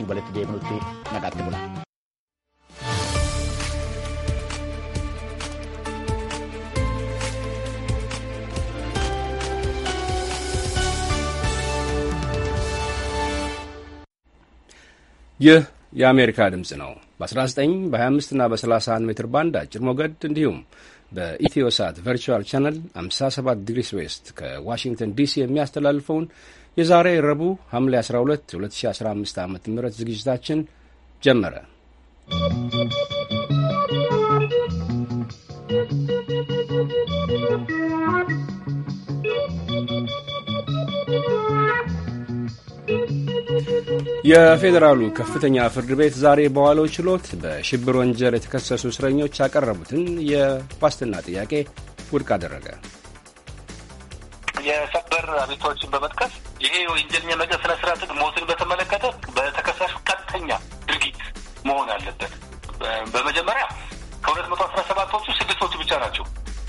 tutti voletti dei minuti nagattevula. ይህ የአሜሪካ ድምፅ ነው። በ19 በ25 እና በ31 ሜትር ባንድ አጭር ሞገድ እንዲሁም ሳት ቨርቹዋል ቻነል 57 ዲግሪስ ዌስት ከዋሽንግተን ዲሲ የሚያስተላልፈውን የዛሬ ረቡዕ ሐምሌ 12 2015 ዓ ም ዝግጅታችን ጀመረ። የፌዴራሉ ከፍተኛ ፍርድ ቤት ዛሬ በዋለው ችሎት በሽብር ወንጀል የተከሰሱ እስረኞች ያቀረቡትን የዋስትና ጥያቄ ውድቅ አደረገ። የሰበር አቤቱታዎችን በመጥቀስ ይሄ የወንጀለኛ ነገር ስነ ስርዓትን ሞትን በተመለከተ በተከሳሽ ቀጥተኛ ድርጊት መሆን አለበት። በመጀመሪያ ከሁለት መቶ አስራ ሰባቶቹ ስድስቶቹ ብቻ ናቸው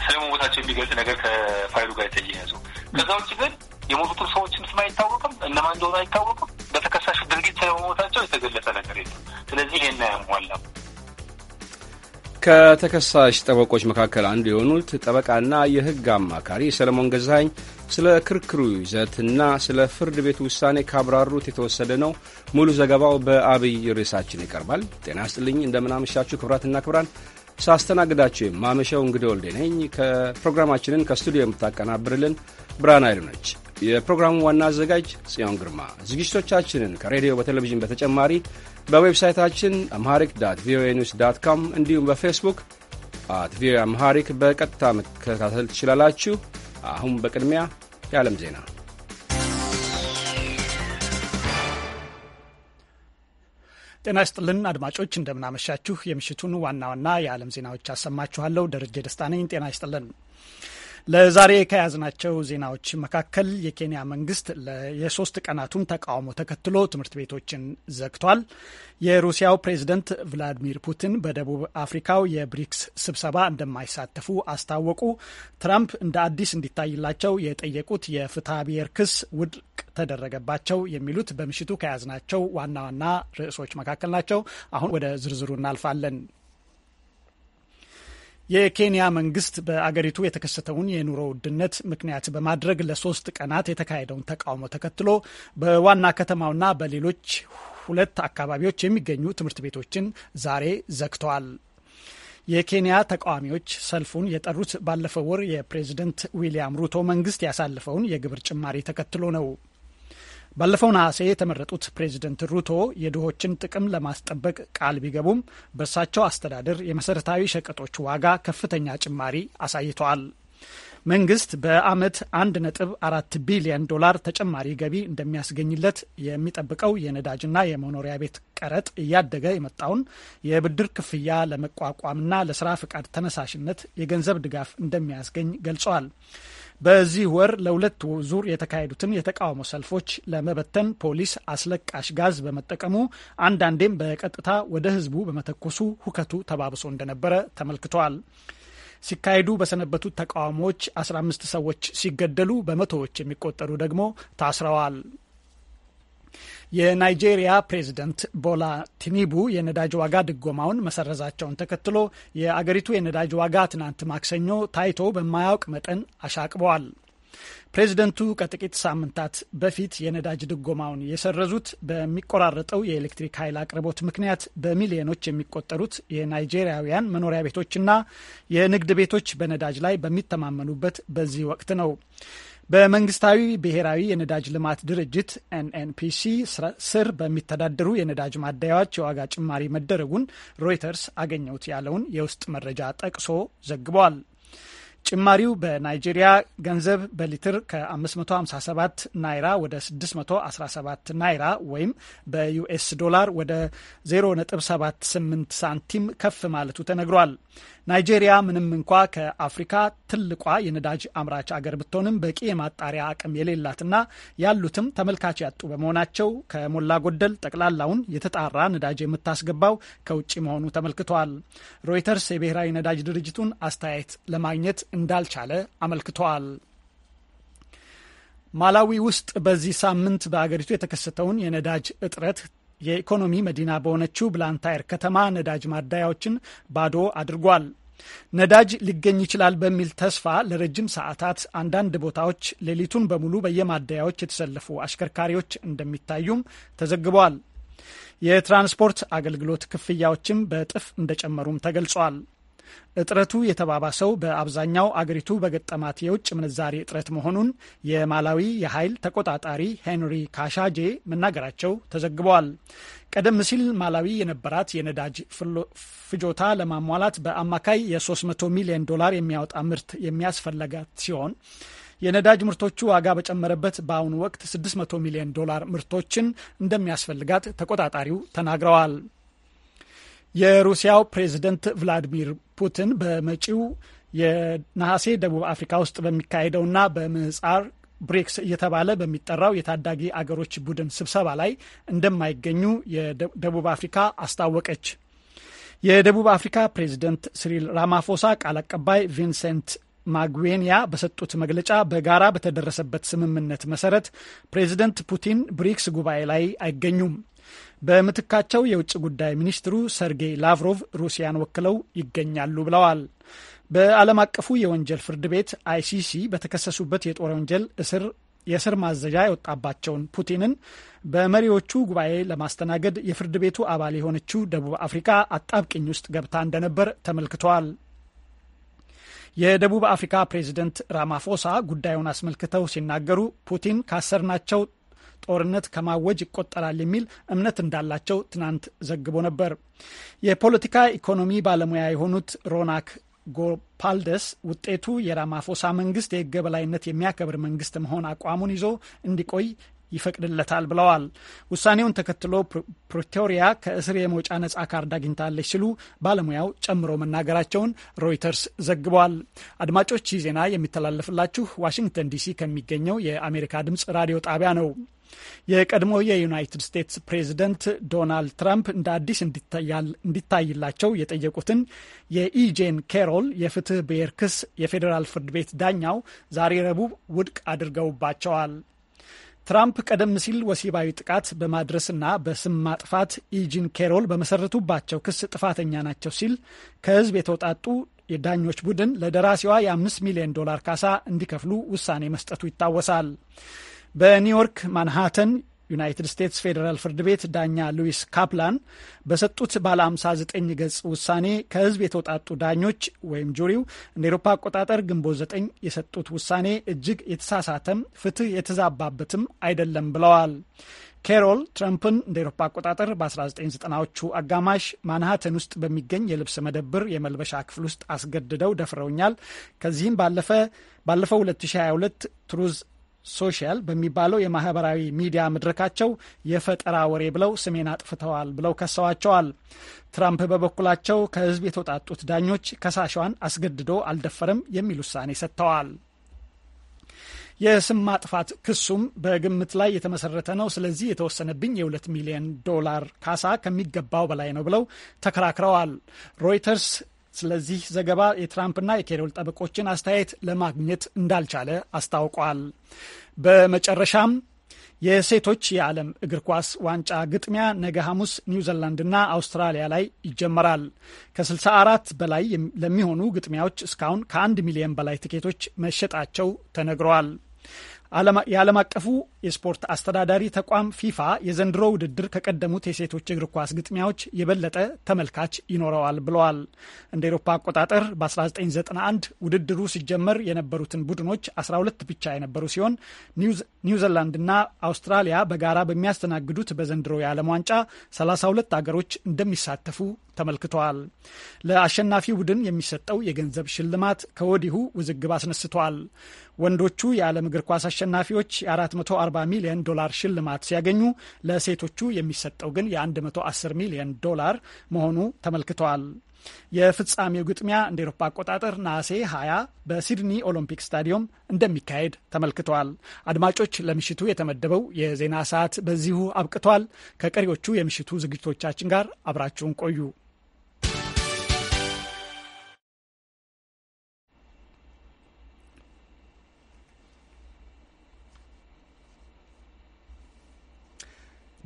ስለ መሞታቸው የሚገልጽ ነገር ከፋይሉ ጋር የተያያዘው። ከዛ ውጭ ግን የሞቱትን ሰዎችም ስም አይታወቅም፣ እነማን እንደሆኑ አይታወቅም። በተከሳሹ ድርጊት መሞታቸው የተገለጸ ነገር የለም። ስለዚህ ይሄን አያሟላም። ከተከሳሽ ጠበቆች መካከል አንዱ የሆኑት ጠበቃና የህግ አማካሪ ሰለሞን ገዛኝ? ስለ ክርክሩ ይዘትና ስለ ፍርድ ቤት ውሳኔ ካብራሩት የተወሰደ ነው። ሙሉ ዘገባው በአብይ ርዕሳችን ይቀርባል። ጤና ይስጥልኝ፣ እንደምናመሻችሁ ክብራትና ክብራን ሳስተናግዳችሁ የማመሸው እንግዲህ ወልዴ ነኝ። ከፕሮግራማችንን ከስቱዲዮ የምታቀናብርልን ብርሃን አይሉ ነች። የፕሮግራሙ ዋና አዘጋጅ ጽዮን ግርማ። ዝግጅቶቻችንን ከሬዲዮ በቴሌቪዥን በተጨማሪ በዌብሳይታችን አምሃሪክ ዳት ቪኦኤ ኒውስ ዳት ካም እንዲሁም በፌስቡክ አት ቪኦኤ አምሃሪክ በቀጥታ መከታተል ትችላላችሁ። አሁን በቅድሚያ የዓለም ዜና። ጤና ይስጥልን አድማጮች፣ እንደምናመሻችሁ። የምሽቱን ዋና ዋና የዓለም ዜናዎች አሰማችኋለሁ። ደረጀ ደስታ ነኝ። ጤና ይስጥልን። ለዛሬ ከያዝናቸው ዜናዎች መካከል የኬንያ መንግስት የሶስት ቀናቱን ተቃውሞ ተከትሎ ትምህርት ቤቶችን ዘግቷል። የሩሲያው ፕሬዝደንት ቭላዲሚር ፑቲን በደቡብ አፍሪካው የብሪክስ ስብሰባ እንደማይሳተፉ አስታወቁ። ትራምፕ እንደ አዲስ እንዲታይላቸው የጠየቁት የፍትሐ ብሔር ክስ ውድቅ ተደረገባቸው። የሚሉት በምሽቱ ከያዝናቸው ዋና ዋና ርዕሶች መካከል ናቸው። አሁን ወደ ዝርዝሩ እናልፋለን። የኬንያ መንግስት በአገሪቱ የተከሰተውን የኑሮ ውድነት ምክንያት በማድረግ ለሶስት ቀናት የተካሄደውን ተቃውሞ ተከትሎ በዋና ከተማውና በሌሎች ሁለት አካባቢዎች የሚገኙ ትምህርት ቤቶችን ዛሬ ዘግተዋል። የኬንያ ተቃዋሚዎች ሰልፉን የጠሩት ባለፈው ወር የፕሬዝደንት ዊሊያም ሩቶ መንግስት ያሳለፈውን የግብር ጭማሪ ተከትሎ ነው። ባለፈው ነሐሴ የተመረጡት ፕሬዚደንት ሩቶ የድሆችን ጥቅም ለማስጠበቅ ቃል ቢገቡም በእሳቸው አስተዳደር የመሰረታዊ ሸቀጦች ዋጋ ከፍተኛ ጭማሪ አሳይተዋል። መንግስት በአመት 1.4 ቢሊዮን ዶላር ተጨማሪ ገቢ እንደሚያስገኝለት የሚጠብቀው የነዳጅና የመኖሪያ ቤት ቀረጥ እያደገ የመጣውን የብድር ክፍያ ለመቋቋምና ለስራ ፍቃድ ተነሳሽነት የገንዘብ ድጋፍ እንደሚያስገኝ ገልጸዋል። በዚህ ወር ለሁለት ዙር የተካሄዱትን የተቃውሞ ሰልፎች ለመበተን ፖሊስ አስለቃሽ ጋዝ በመጠቀሙ አንዳንዴም በቀጥታ ወደ ህዝቡ በመተኮሱ ሁከቱ ተባብሶ እንደነበረ ተመልክቷል። ሲካሄዱ በሰነበቱት ተቃውሞዎች 15 ሰዎች ሲገደሉ በመቶዎች የሚቆጠሩ ደግሞ ታስረዋል። የናይጄሪያ ፕሬዚደንት ቦላ ቲኒቡ የነዳጅ ዋጋ ድጎማውን መሰረዛቸውን ተከትሎ የአገሪቱ የነዳጅ ዋጋ ትናንት ማክሰኞ ታይቶ በማያውቅ መጠን አሻቅበዋል። ፕሬዚደንቱ ከጥቂት ሳምንታት በፊት የነዳጅ ድጎማውን የሰረዙት በሚቆራረጠው የኤሌክትሪክ ኃይል አቅርቦት ምክንያት በሚሊዮኖች የሚቆጠሩት የናይጄሪያውያን መኖሪያ ቤቶችና የንግድ ቤቶች በነዳጅ ላይ በሚተማመኑበት በዚህ ወቅት ነው። በመንግስታዊ ብሔራዊ የነዳጅ ልማት ድርጅት ኤንኤንፒሲ ስር በሚተዳደሩ የነዳጅ ማደያዎች የዋጋ ጭማሪ መደረጉን ሮይተርስ አገኘሁት ያለውን የውስጥ መረጃ ጠቅሶ ዘግቧል። ጭማሪው በናይጄሪያ ገንዘብ በሊትር ከ557 ናይራ ወደ 617 ናይራ ወይም በዩኤስ ዶላር ወደ 0.78 ሳንቲም ከፍ ማለቱ ተነግሯል። ናይጄሪያ ምንም እንኳ ከአፍሪካ ትልቋ የነዳጅ አምራች አገር ብትሆንም በቂ የማጣሪያ አቅም የሌላትና ያሉትም ተመልካች ያጡ በመሆናቸው ከሞላ ጎደል ጠቅላላውን የተጣራ ነዳጅ የምታስገባው ከውጭ መሆኑ ተመልክቷል። ሮይተርስ የብሔራዊ ነዳጅ ድርጅቱን አስተያየት ለማግኘት እንዳልቻለ አመልክተዋል። ማላዊ ውስጥ በዚህ ሳምንት በአገሪቱ የተከሰተውን የነዳጅ እጥረት የኢኮኖሚ መዲና በሆነችው ብላንታየር ከተማ ነዳጅ ማደያዎችን ባዶ አድርጓል። ነዳጅ ሊገኝ ይችላል በሚል ተስፋ ለረጅም ሰዓታት አንዳንድ ቦታዎች ሌሊቱን በሙሉ በየማደያዎች የተሰለፉ አሽከርካሪዎች እንደሚታዩም ተዘግበዋል። የትራንስፖርት አገልግሎት ክፍያዎችም በእጥፍ እንደጨመሩም ተገልጿል። እጥረቱ የተባባሰው በአብዛኛው አገሪቱ በገጠማት የውጭ ምንዛሬ እጥረት መሆኑን የማላዊ የኃይል ተቆጣጣሪ ሄንሪ ካሻጄ መናገራቸው ተዘግበዋል። ቀደም ሲል ማላዊ የነበራት የነዳጅ ፍጆታ ለማሟላት በአማካይ የ300 ሚሊዮን ዶላር የሚያወጣ ምርት የሚያስፈለጋት ሲሆን የነዳጅ ምርቶቹ ዋጋ በጨመረበት በአሁኑ ወቅት 600 ሚሊዮን ዶላር ምርቶችን እንደሚያስፈልጋት ተቆጣጣሪው ተናግረዋል። የሩሲያው ፕሬዝደንት ቭላዲሚር ፑቲን በመጪው የነሐሴ ደቡብ አፍሪካ ውስጥ በሚካሄደውና በምህጻር ብሪክስ እየተባለ በሚጠራው የታዳጊ አገሮች ቡድን ስብሰባ ላይ እንደማይገኙ የደቡብ አፍሪካ አስታወቀች። የደቡብ አፍሪካ ፕሬዝደንት ሲሪል ራማፎሳ ቃል አቀባይ ቪንሰንት ማግዌንያ በሰጡት መግለጫ በጋራ በተደረሰበት ስምምነት መሰረት ፕሬዝደንት ፑቲን ብሪክስ ጉባኤ ላይ አይገኙም። በምትካቸው የውጭ ጉዳይ ሚኒስትሩ ሰርጌይ ላቭሮቭ ሩሲያን ወክለው ይገኛሉ ብለዋል። በዓለም አቀፉ የወንጀል ፍርድ ቤት አይሲሲ በተከሰሱበት የጦር ወንጀል እስር የእስር ማዘዣ የወጣባቸውን ፑቲንን በመሪዎቹ ጉባኤ ለማስተናገድ የፍርድ ቤቱ አባል የሆነችው ደቡብ አፍሪካ አጣብቅኝ ውስጥ ገብታ እንደነበር ተመልክተዋል። የደቡብ አፍሪካ ፕሬዚደንት ራማፎሳ ጉዳዩን አስመልክተው ሲናገሩ ፑቲን ካሰርናቸው ጦርነት ከማወጅ ይቆጠራል የሚል እምነት እንዳላቸው ትናንት ዘግቦ ነበር። የፖለቲካ ኢኮኖሚ ባለሙያ የሆኑት ሮናክ ጎፓልደስ ውጤቱ የራማፎሳ መንግስት የህገ በላይነት የሚያከብር መንግስት መሆን አቋሙን ይዞ እንዲቆይ ይፈቅድለታል ብለዋል። ውሳኔውን ተከትሎ ፕሪቶሪያ ከእስር የመውጫ ነጻ ካርድ አግኝታለች ሲሉ ባለሙያው ጨምሮ መናገራቸውን ሮይተርስ ዘግቧል። አድማጮች ይህ ዜና የሚተላለፍላችሁ ዋሽንግተን ዲሲ ከሚገኘው የአሜሪካ ድምፅ ራዲዮ ጣቢያ ነው። የቀድሞው የዩናይትድ ስቴትስ ፕሬዚደንት ዶናልድ ትራምፕ እንደ አዲስ እንዲታይላቸው የጠየቁትን የኢጄን ኬሮል የፍትህ ብሔር ክስ የፌዴራል ፍርድ ቤት ዳኛው ዛሬ ረቡዕ ውድቅ አድርገውባቸዋል። ትራምፕ ቀደም ሲል ወሲባዊ ጥቃት በማድረስና በስም ማጥፋት ኢጂን ኬሮል በመሰረቱባቸው ክስ ጥፋተኛ ናቸው ሲል ከህዝብ የተውጣጡ የዳኞች ቡድን ለደራሲዋ የአምስት ሚሊዮን ዶላር ካሳ እንዲከፍሉ ውሳኔ መስጠቱ ይታወሳል። በኒውዮርክ ማንሃተን ዩናይትድ ስቴትስ ፌዴራል ፍርድ ቤት ዳኛ ሉዊስ ካፕላን በሰጡት ባለ 59 ገጽ ውሳኔ ከህዝብ የተውጣጡ ዳኞች ወይም ጁሪው እንደ ኤሮፓ አቆጣጠር ግንቦት 9 የሰጡት ውሳኔ እጅግ የተሳሳተም ፍትህ የተዛባበትም አይደለም ብለዋል። ኬሮል ትረምፕን እንደ ኤሮፓ አቆጣጠር በ1990ዎቹ አጋማሽ ማንሃተን ውስጥ በሚገኝ የልብስ መደብር የመልበሻ ክፍል ውስጥ አስገድደው ደፍረውኛል። ከዚህም ባለፈ ባለፈው 2022 ትሩዝ ሶሻል በሚባለው የማህበራዊ ሚዲያ መድረካቸው የፈጠራ ወሬ ብለው ስሜን አጥፍተዋል ብለው ከሰዋቸዋል። ትራምፕ በበኩላቸው ከህዝብ የተውጣጡት ዳኞች ከሳሿን አስገድዶ አልደፈርም የሚል ውሳኔ ሰጥተዋል። የስም ማጥፋት ክሱም በግምት ላይ የተመሰረተ ነው። ስለዚህ የተወሰነብኝ የሁለት ሚሊዮን ዶላር ካሳ ከሚገባው በላይ ነው ብለው ተከራክረዋል። ሮይተርስ ስለዚህ ዘገባ የትራምፕና የኬሮል ጠበቆችን አስተያየት ለማግኘት እንዳልቻለ አስታውቋል። በመጨረሻም የሴቶች የዓለም እግር ኳስ ዋንጫ ግጥሚያ ነገ ሐሙስ ኒውዚላንድና አውስትራሊያ ላይ ይጀመራል። ከ64 በላይ ለሚሆኑ ግጥሚያዎች እስካሁን ከአንድ ሚሊዮን በላይ ትኬቶች መሸጣቸው ተነግረዋል። የዓለም አቀፉ የስፖርት አስተዳዳሪ ተቋም ፊፋ የዘንድሮ ውድድር ከቀደሙት የሴቶች እግር ኳስ ግጥሚያዎች የበለጠ ተመልካች ይኖረዋል ብለዋል። እንደ ኤሮፓ አቆጣጠር በ1991 ውድድሩ ሲጀመር የነበሩትን ቡድኖች 12 ብቻ የነበሩ ሲሆን ኒውዚላንድና አውስትራሊያ በጋራ በሚያስተናግዱት በዘንድሮ የዓለም ዋንጫ 32 አገሮች እንደሚሳተፉ ተመልክተዋል። ለአሸናፊ ቡድን የሚሰጠው የገንዘብ ሽልማት ከወዲሁ ውዝግብ አስነስተዋል። ወንዶቹ የዓለም እግር ኳስ አሸናፊዎች የ440 ሚሊዮን ዶላር ሽልማት ሲያገኙ ለሴቶቹ የሚሰጠው ግን የ110 ሚሊዮን ዶላር መሆኑ ተመልክተዋል። የፍጻሜው ግጥሚያ እንደ ኤሮፓ አቆጣጠር ነሐሴ 20 በሲድኒ ኦሎምፒክ ስታዲየም እንደሚካሄድ ተመልክተዋል። አድማጮች፣ ለምሽቱ የተመደበው የዜና ሰዓት በዚሁ አብቅቷል። ከቀሪዎቹ የምሽቱ ዝግጅቶቻችን ጋር አብራችሁን ቆዩ።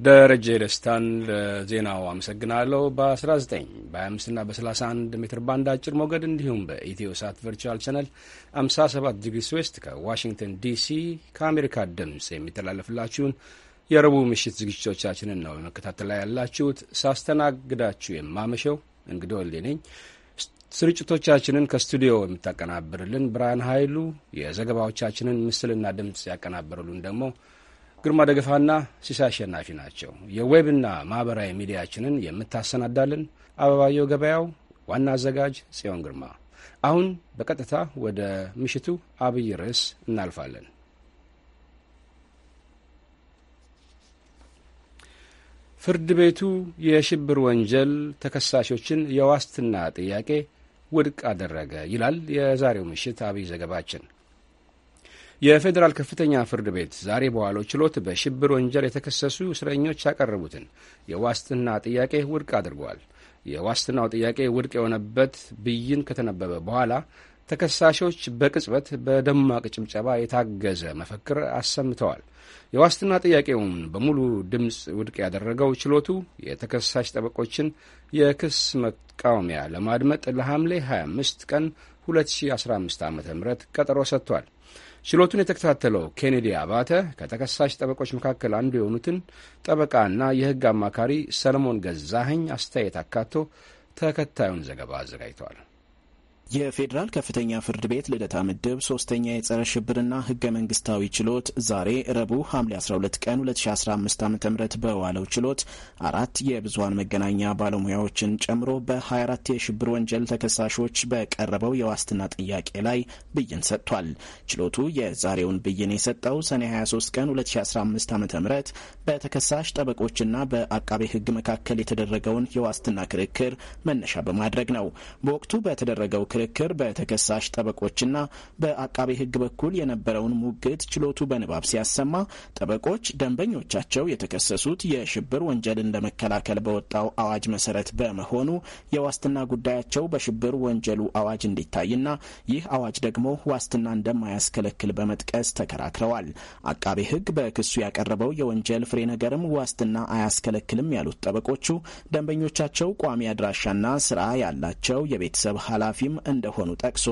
ደረጀ ደስታን ለዜናው አመሰግናለሁ። በ19 በ25ና በ31 ሜትር ባንድ አጭር ሞገድ እንዲሁም በኢትዮ ሳት ቨርቹዋል ቻነል 57 ዲግሪ ስዌስት ከዋሽንግተን ዲሲ ከአሜሪካ ድምፅ የሚተላለፍላችሁን የረቡዕ ምሽት ዝግጅቶቻችንን ነው መከታተል ላይ ያላችሁት። ሳስተናግዳችሁ የማመሸው እንግዶ ወልዴ ነኝ። ስርጭቶቻችንን ከስቱዲዮ የምታቀናብርልን ብርሃን ኃይሉ፣ የዘገባዎቻችንን ምስልና ድምፅ ያቀናበሩልን ደግሞ ግርማ ደገፋና ሲሳይ አሸናፊ ናቸው። የዌብና ማኅበራዊ ሚዲያችንን የምታሰናዳልን አበባየው ገበያው፣ ዋና አዘጋጅ ጽዮን ግርማ። አሁን በቀጥታ ወደ ምሽቱ አብይ ርዕስ እናልፋለን። ፍርድ ቤቱ የሽብር ወንጀል ተከሳሾችን የዋስትና ጥያቄ ውድቅ አደረገ ይላል የዛሬው ምሽት አብይ ዘገባችን። የፌዴራል ከፍተኛ ፍርድ ቤት ዛሬ በዋለው ችሎት በሽብር ወንጀል የተከሰሱ እስረኞች ያቀረቡትን የዋስትና ጥያቄ ውድቅ አድርጓል። የዋስትናው ጥያቄ ውድቅ የሆነበት ብይን ከተነበበ በኋላ ተከሳሾች በቅጽበት በደማቅ ጭብጨባ የታገዘ መፈክር አሰምተዋል። የዋስትና ጥያቄውን በሙሉ ድምፅ ውድቅ ያደረገው ችሎቱ የተከሳሽ ጠበቆችን የክስ መቃወሚያ ለማድመጥ ለሐምሌ 25 ቀን 2015 ዓ ም ቀጠሮ ሰጥቷል። ችሎቱን የተከታተለው ኬኔዲ አባተ ከተከሳሽ ጠበቆች መካከል አንዱ የሆኑትን ጠበቃና የሕግ አማካሪ ሰለሞን ገዛኸኝ አስተያየት አካቶ ተከታዩን ዘገባ አዘጋጅተዋል። የፌዴራል ከፍተኛ ፍርድ ቤት ልደታ ምድብ ሶስተኛ የጸረ ሽብርና ህገ መንግስታዊ ችሎት ዛሬ ረቡዕ ሐምሌ 12 ቀን 2015 ዓ ም በዋለው ችሎት አራት የብዙሀን መገናኛ ባለሙያዎችን ጨምሮ በ24 የሽብር ወንጀል ተከሳሾች በቀረበው የዋስትና ጥያቄ ላይ ብይን ሰጥቷል። ችሎቱ የዛሬውን ብይን የሰጠው ሰኔ 23 ቀን 2015 ዓ ም በተከሳሽ ጠበቆችና በአቃቤ ህግ መካከል የተደረገውን የዋስትና ክርክር መነሻ በማድረግ ነው። በወቅቱ በተደረገው ክርክር በተከሳሽ ጠበቆችና በአቃቤ ሕግ በኩል የነበረውን ሙግት ችሎቱ በንባብ ሲያሰማ ጠበቆች ደንበኞቻቸው የተከሰሱት የሽብር ወንጀልን ለመከላከል በወጣው አዋጅ መሰረት በመሆኑ የዋስትና ጉዳያቸው በሽብር ወንጀሉ አዋጅ እንዲታይና ይህ አዋጅ ደግሞ ዋስትና እንደማያስከለክል በመጥቀስ ተከራክረዋል። አቃቤ ሕግ በክሱ ያቀረበው የወንጀል ፍሬ ነገርም ዋስትና አያስከለክልም ያሉት ጠበቆቹ ደንበኞቻቸው ቋሚ አድራሻና ስራ ያላቸው የቤተሰብ ኃላፊም እንደሆኑ ጠቅሶ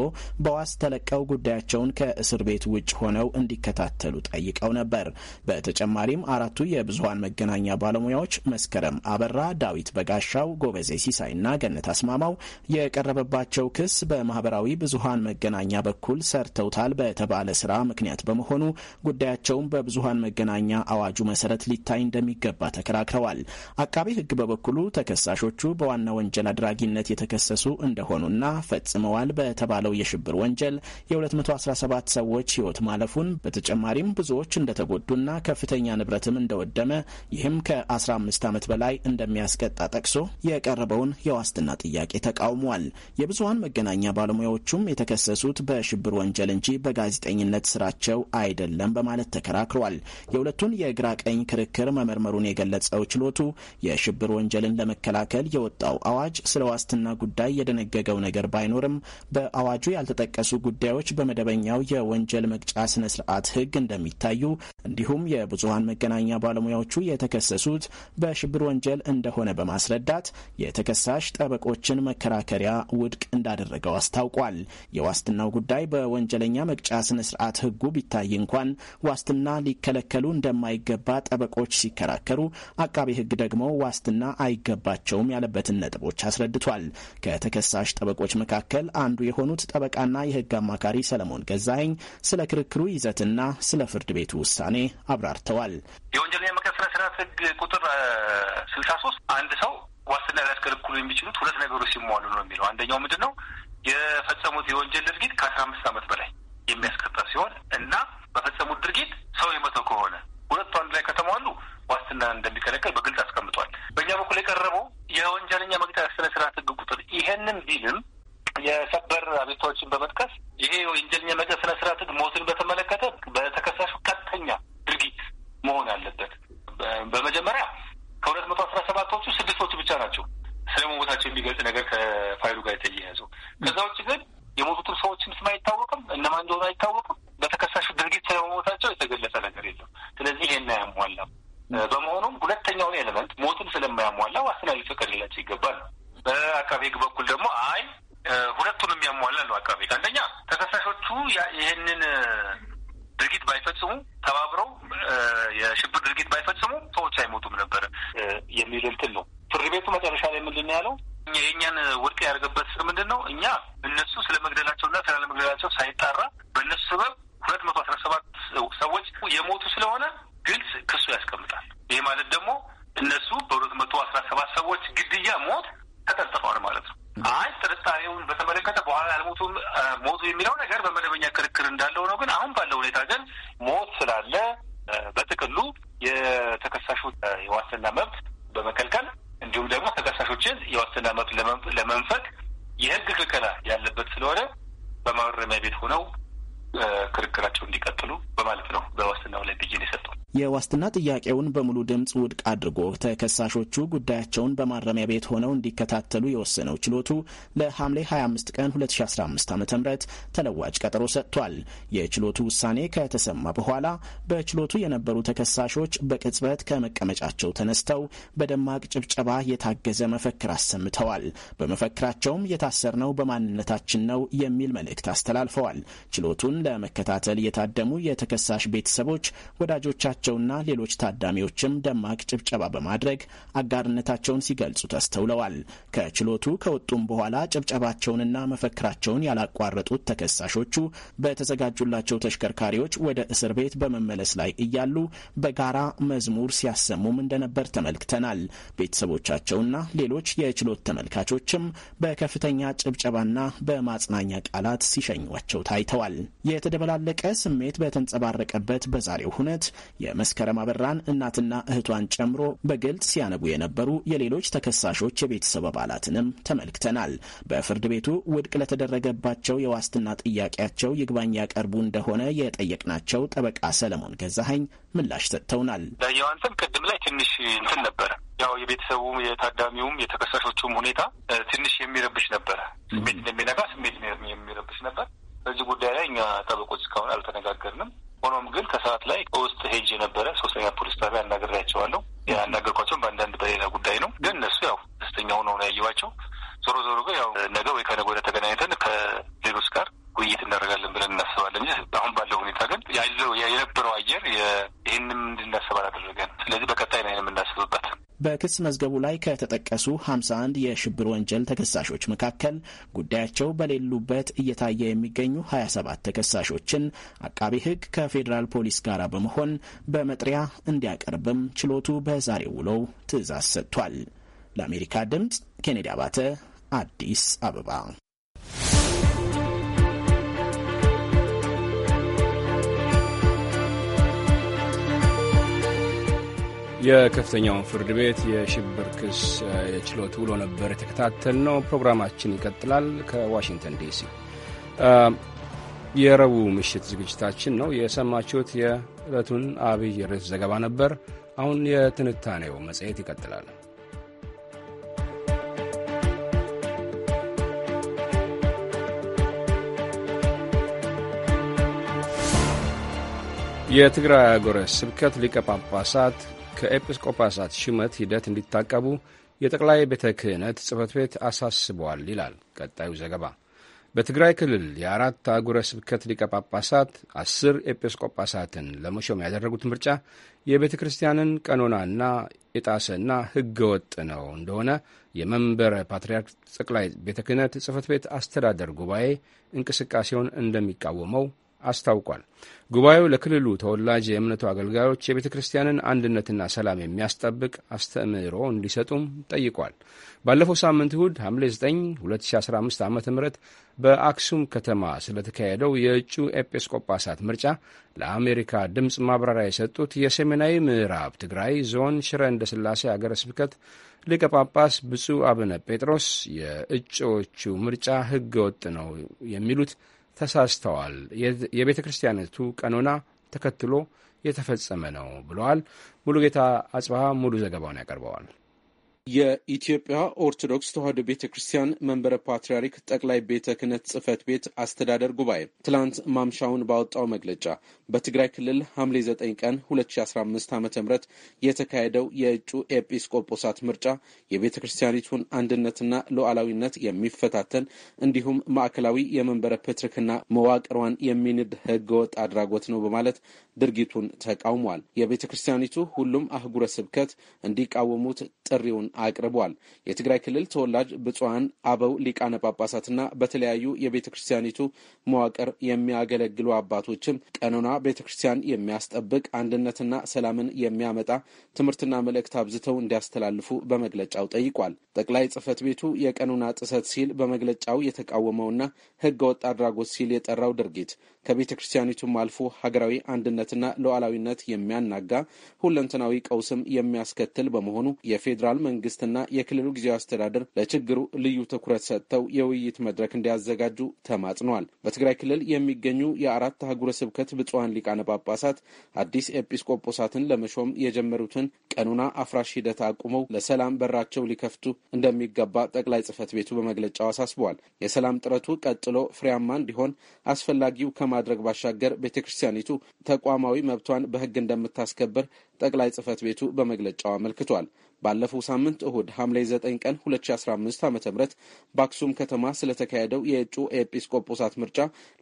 በዋስ ተለቀው ጉዳያቸውን ከእስር ቤት ውጭ ሆነው እንዲከታተሉ ጠይቀው ነበር። በተጨማሪም አራቱ የብዙሀን መገናኛ ባለሙያዎች መስከረም አበራ፣ ዳዊት በጋሻው፣ ጎበዜ ሲሳይና ገነት አስማማው የቀረበባቸው ክስ በማህበራዊ ብዙሀን መገናኛ በኩል ሰርተውታል በተባለ ስራ ምክንያት በመሆኑ ጉዳያቸውን በብዙሀን መገናኛ አዋጁ መሰረት ሊታይ እንደሚገባ ተከራክረዋል። አቃቤ ሕግ በበኩሉ ተከሳሾቹ በዋና ወንጀል አድራጊነት የተከሰሱ እንደሆኑና ፈጽሞ ፈጽመዋል በተባለው የሽብር ወንጀል የ217 ሰዎች ህይወት ማለፉን በተጨማሪም ብዙዎች እንደተጎዱና ከፍተኛ ንብረትም እንደወደመ ይህም ከ15 ዓመት በላይ እንደሚያስቀጣ ጠቅሶ የቀረበውን የዋስትና ጥያቄ ተቃውሟል። የብዙሀን መገናኛ ባለሙያዎቹም የተከሰሱት በሽብር ወንጀል እንጂ በጋዜጠኝነት ስራቸው አይደለም በማለት ተከራክሯል። የሁለቱን የግራ ቀኝ ክርክር መመርመሩን የገለጸው ችሎቱ የሽብር ወንጀልን ለመከላከል የወጣው አዋጅ ስለ ዋስትና ጉዳይ የደነገገው ነገር ባይኖርም በመጨመርም በአዋጁ ያልተጠቀሱ ጉዳዮች በመደበኛው የወንጀል መቅጫ ስነ ስርዓት ህግ እንደሚታዩ እንዲሁም የብዙሀን መገናኛ ባለሙያዎቹ የተከሰሱት በሽብር ወንጀል እንደሆነ በማስረዳት የተከሳሽ ጠበቆችን መከራከሪያ ውድቅ እንዳደረገው አስታውቋል። የዋስትናው ጉዳይ በወንጀለኛ መቅጫ ስነ ስርዓት ህጉ ቢታይ እንኳን ዋስትና ሊከለከሉ እንደማይገባ ጠበቆች ሲከራከሩ፣ አቃቤ ህግ ደግሞ ዋስትና አይገባቸውም ያለበትን ነጥቦች አስረድቷል። ከተከሳሽ ጠበቆች መካከል መካከል አንዱ የሆኑት ጠበቃና የህግ አማካሪ ሰለሞን ገዛኸኝ ስለ ክርክሩ ይዘትና ስለ ፍርድ ቤቱ ውሳኔ አብራርተዋል። የወንጀለኛ መቅጫ ሥነ ሥርዓት ህግ ቁጥር ስልሳ ሶስት አንድ ሰው ዋስትና ሊያስከለክሉ የሚችሉት ሁለት ነገሮች ሲሟሉ ነው የሚለው አንደኛው ምንድን ነው የፈጸሙት የወንጀል ድርጊት ከአስራ አምስት ዓመት በላይ የሚያስቀጣ ሲሆን እና በፈጸሙት ድርጊት ሰው የመተው ከሆነ ሁለቱ አንድ ላይ ከተሟሉ ዋስትና እንደሚከለከል በግልጽ አስቀምጧል። በእኛ በኩል የቀረበው የወንጀለኛ መቅጫ ስነ ስርዓት ህግ ቁጥር ይሄንን ቢልም የሰበር አቤቱታዎችን በመጥቀስ ይሄ የወንጀለኛ መቅጫ ስነ ስርዓት ሞትን በተመለከተ በተከሳሹ ቀጥተኛ ድርጊት መሆን አለበት። በመጀመሪያ ከሁለት መቶ አስራ ሰባቶቹ ስድስቶቹ ብቻ ናቸው ስለ መሞታቸው የሚገልጽ ነገር ከፋይሉ ጋር የተያያዘው። ከዛ ውጭ ግን የሞቱትም ሰዎችን ስም አይታወቅም፣ እነማን እንደሆነ አይታወቅም። በተከሳሹ ድርጊት ስለ መሞታቸው የተገለጸ ነገር የለም። ስለዚህ ይሄን አያሟላም። በመሆኑም ሁለተኛውን ኤሌመንት ሞትን ስለማያሟላ ዋስትና ሊፈቀድላቸው ይገባል። በአቃቤ ሕግ በኩል ደግሞ ይህንን ድርጊት ባይፈጽሙ ትናንትና ጥያቄውን በሙሉ ድምፅ ውድቅ አድርጎ ተከሳሾቹ ጉዳያቸውን በማረሚያ ቤት ሆነው እንዲከታተሉ የወሰነው ችሎቱ ለሐምሌ 25 ቀን 2015 ዓ ም ተለዋጭ ቀጠሮ ሰጥቷል። የችሎቱ ውሳኔ ከተሰማ በኋላ በችሎቱ የነበሩ ተከሳሾች በቅጽበት ከመቀመጫቸው ተነስተው በደማቅ ጭብጨባ የታገዘ መፈክር አሰምተዋል። በመፈክራቸውም የታሰርነው በማንነታችን ነው የሚል መልእክት አስተላልፈዋል። ችሎቱን ለመከታተል የታደሙ የተከሳሽ ቤተሰቦች፣ ወዳጆቻቸውና ሌሎች ታዳሚዎችም ደማቅ ጭብጨባ በማድረግ አጋርነታቸውን ሲገልጹ ተስተውለዋል። ከችሎቱ ከወጡም በኋላ ጭብጨባቸውንና መፈክራቸውን ያላቋረጡት ተከሳሾቹ በተዘጋጁላቸው ተሽከርካሪዎች ወደ እስር ቤት በመመለስ ላይ እያሉ በጋራ መዝሙር ሲያሰሙም እንደነበር ተመልክተናል። ቤተሰቦቻቸውና ሌሎች የችሎት ተመልካቾችም በከፍተኛ ጭብጨባና በማጽናኛ ቃላት ሲሸኟቸው ታይተዋል። የተደበላለቀ ስሜት በተንጸባረቀበት በዛሬው ሁነት የመስከረም አበራን እናትና እህቷን ጨምሮ በግልጽ ሲያነቡ የነበሩ የሌሎች ተከሳሾች የቤተሰብ አባላትንም ተመልክተናል። በፍርድ ቤቱ ውድቅ ለተደረገባቸው የዋስትና ጥያቄያቸው ይግባኝ ያቀርቡ እንደሆነ የጠየቅናቸው ጠበቃ ሰለሞን ገዛሀኝ ምላሽ ሰጥተውናል። ዳያዋን ቅድም ላይ ትንሽ እንትን ነበረ። ያው የቤተሰቡም የታዳሚውም የተከሳሾቹም ሁኔታ ትንሽ የሚረብሽ ነበረ። ስሜት እንደሚነካ ስሜት የሚረብሽ ነበር። በዚህ ጉዳይ ላይ እኛ ጠበቆች እስካሁን አልተነጋገርንም። ሆኖም ግን ከሰዓት ላይ ውስጥ ሄጅ የነበረ ሶስተኛ ፖሊስ ጣቢያ አናግሬያቸዋለሁ። ያናገርኳቸውም በአንዳንድ በሌላ ጉዳይ ነው። ግን እነሱ ያው ደስተኛ ሆነው ነው ያየኋቸው። ዞሮ ዞሮ ግን ያው ነገ ወይ ከነገ ወዲያ ተገናኝተን ከሌሎች ጋር ውይይት እናደርጋለን ብለን እናስባለን እ አሁን ባለው ሁኔታ ግን ያለው የነበረው አየር ይህንም እንድናስብ አላደረገን። ስለዚህ በቀጣይ ነው የምናስብበት። በክስ መዝገቡ ላይ ከተጠቀሱ 51 የሽብር ወንጀል ተከሳሾች መካከል ጉዳያቸው በሌሉበት እየታየ የሚገኙ 27 ተከሳሾችን አቃቢ ሕግ ከፌዴራል ፖሊስ ጋር በመሆን በመጥሪያ እንዲያቀርብም ችሎቱ በዛሬው ውለው ትዕዛዝ ሰጥቷል። ለአሜሪካ ድምፅ ኬኔዲ አባተ አዲስ አበባ የከፍተኛውን ፍርድ ቤት የሽብር ክስ ችሎት ውሎ ነበር የተከታተልነው። ፕሮግራማችን ይቀጥላል። ከዋሽንግተን ዲሲ የረቡዕ ምሽት ዝግጅታችን ነው የሰማችሁት። የዕለቱን አብይ ርዕስ ዘገባ ነበር። አሁን የትንታኔው መጽሔት ይቀጥላል። የትግራይ አገረ ስብከት ሊቀ ጳጳሳት ከኤጲስቆጳሳት ሹመት ሂደት እንዲታቀቡ የጠቅላይ ቤተ ክህነት ጽሕፈት ቤት አሳስበዋል ይላል ቀጣዩ ዘገባ። በትግራይ ክልል የአራት አጉረ ስብከት ሊቀ ጳጳሳት አስር ኤጲስቆጳሳትን ለመሾም ያደረጉት ምርጫ የቤተ ክርስቲያንን ቀኖናና የጣሰና ሕገ ወጥ ነው እንደሆነ የመንበረ ፓትርያርክ ጠቅላይ ቤተ ክህነት ጽሕፈት ቤት አስተዳደር ጉባኤ እንቅስቃሴውን እንደሚቃወመው አስታውቋል። ጉባኤው ለክልሉ ተወላጅ የእምነቱ አገልጋዮች የቤተ ክርስቲያንን አንድነትና ሰላም የሚያስጠብቅ አስተምህሮ እንዲሰጡም ጠይቋል። ባለፈው ሳምንት እሁድ ሐምሌ 9 2015 ዓ ም በአክሱም ከተማ ስለተካሄደው የእጩ ኤጲስቆጳሳት ምርጫ ለአሜሪካ ድምፅ ማብራሪያ የሰጡት የሰሜናዊ ምዕራብ ትግራይ ዞን ሽረ እንደ ስላሴ አገረ ስብከት ሊቀ ጳጳስ ብፁዕ አቡነ ጴጥሮስ የእጩዎቹ ምርጫ ሕገ ወጥ ነው የሚሉት ተሳስተዋል። የቤተ ክርስቲያነቱ ቀኖና ተከትሎ የተፈጸመ ነው ብለዋል። ሙሉጌታ አጽበሃ ሙሉ ዘገባውን ያቀርበዋል። የኢትዮጵያ ኦርቶዶክስ ተዋሕዶ ቤተ ክርስቲያን መንበረ ፓትርያርክ ጠቅላይ ቤተ ክህነት ጽሕፈት ቤት አስተዳደር ጉባኤ ትላንት ማምሻውን ባወጣው መግለጫ በትግራይ ክልል ሐምሌ 9 ቀን 2015 ዓ ም የተካሄደው የእጩ ኤጲስቆጶሳት ምርጫ የቤተ ክርስቲያኒቱን አንድነትና ሉዓላዊነት የሚፈታተን እንዲሁም ማዕከላዊ የመንበረ ፕትርክና መዋቅሯን የሚንድ ህገወጥ አድራጎት ነው በማለት ድርጊቱን ተቃውሟል። የቤተ ክርስቲያኒቱ ሁሉም አህጉረ ስብከት እንዲቃወሙት ጥሪውን አቅርቧል። የትግራይ ክልል ተወላጅ ብፁዓን አበው ሊቃነ ጳጳሳትና በተለያዩ የቤተ ክርስቲያኒቱ መዋቅር የሚያገለግሉ አባቶችም ቀኖና ቤተ ክርስቲያን የሚያስጠብቅ አንድነትና ሰላምን የሚያመጣ ትምህርትና መልእክት አብዝተው እንዲያስተላልፉ በመግለጫው ጠይቋል። ጠቅላይ ጽህፈት ቤቱ የቀኑና ጥሰት ሲል በመግለጫው የተቃወመውና ህገ ወጥ አድራጎት ሲል የጠራው ድርጊት ከቤተ ክርስቲያኒቱም አልፎ ሀገራዊ አንድነትና ሉዓላዊነት የሚያናጋ ሁለንተናዊ ቀውስም የሚያስከትል በመሆኑ የፌዴራል መንግስትና የክልሉ ጊዜያዊ አስተዳደር ለችግሩ ልዩ ትኩረት ሰጥተው የውይይት መድረክ እንዲያዘጋጁ ተማጽነዋል። በትግራይ ክልል የሚገኙ የአራት አህጉረ ስብከት ብፁዓን ሊቃነ ጳጳሳት አዲስ ኤጲስቆጶሳትን ለመሾም የጀመሩትን ቀኑና አፍራሽ ሂደት አቁመው ለሰላም በራቸው ሊከፍቱ እንደሚገባ ጠቅላይ ጽህፈት ቤቱ በመግለጫው አሳስበዋል። የሰላም ጥረቱ ቀጥሎ ፍሬያማ እንዲሆን አስፈላጊው ከማ ከማድረግ ባሻገር ቤተ ክርስቲያኒቱ ተቋማዊ መብቷን በሕግ እንደምታስከብር ጠቅላይ ጽህፈት ቤቱ በመግለጫው አመልክቷል። ባለፈው ሳምንት እሁድ ሐምሌ 9 ቀን 2015 ዓ ም በአክሱም ከተማ ስለተካሄደው የእጩ ኤጲስቆጶሳት ምርጫ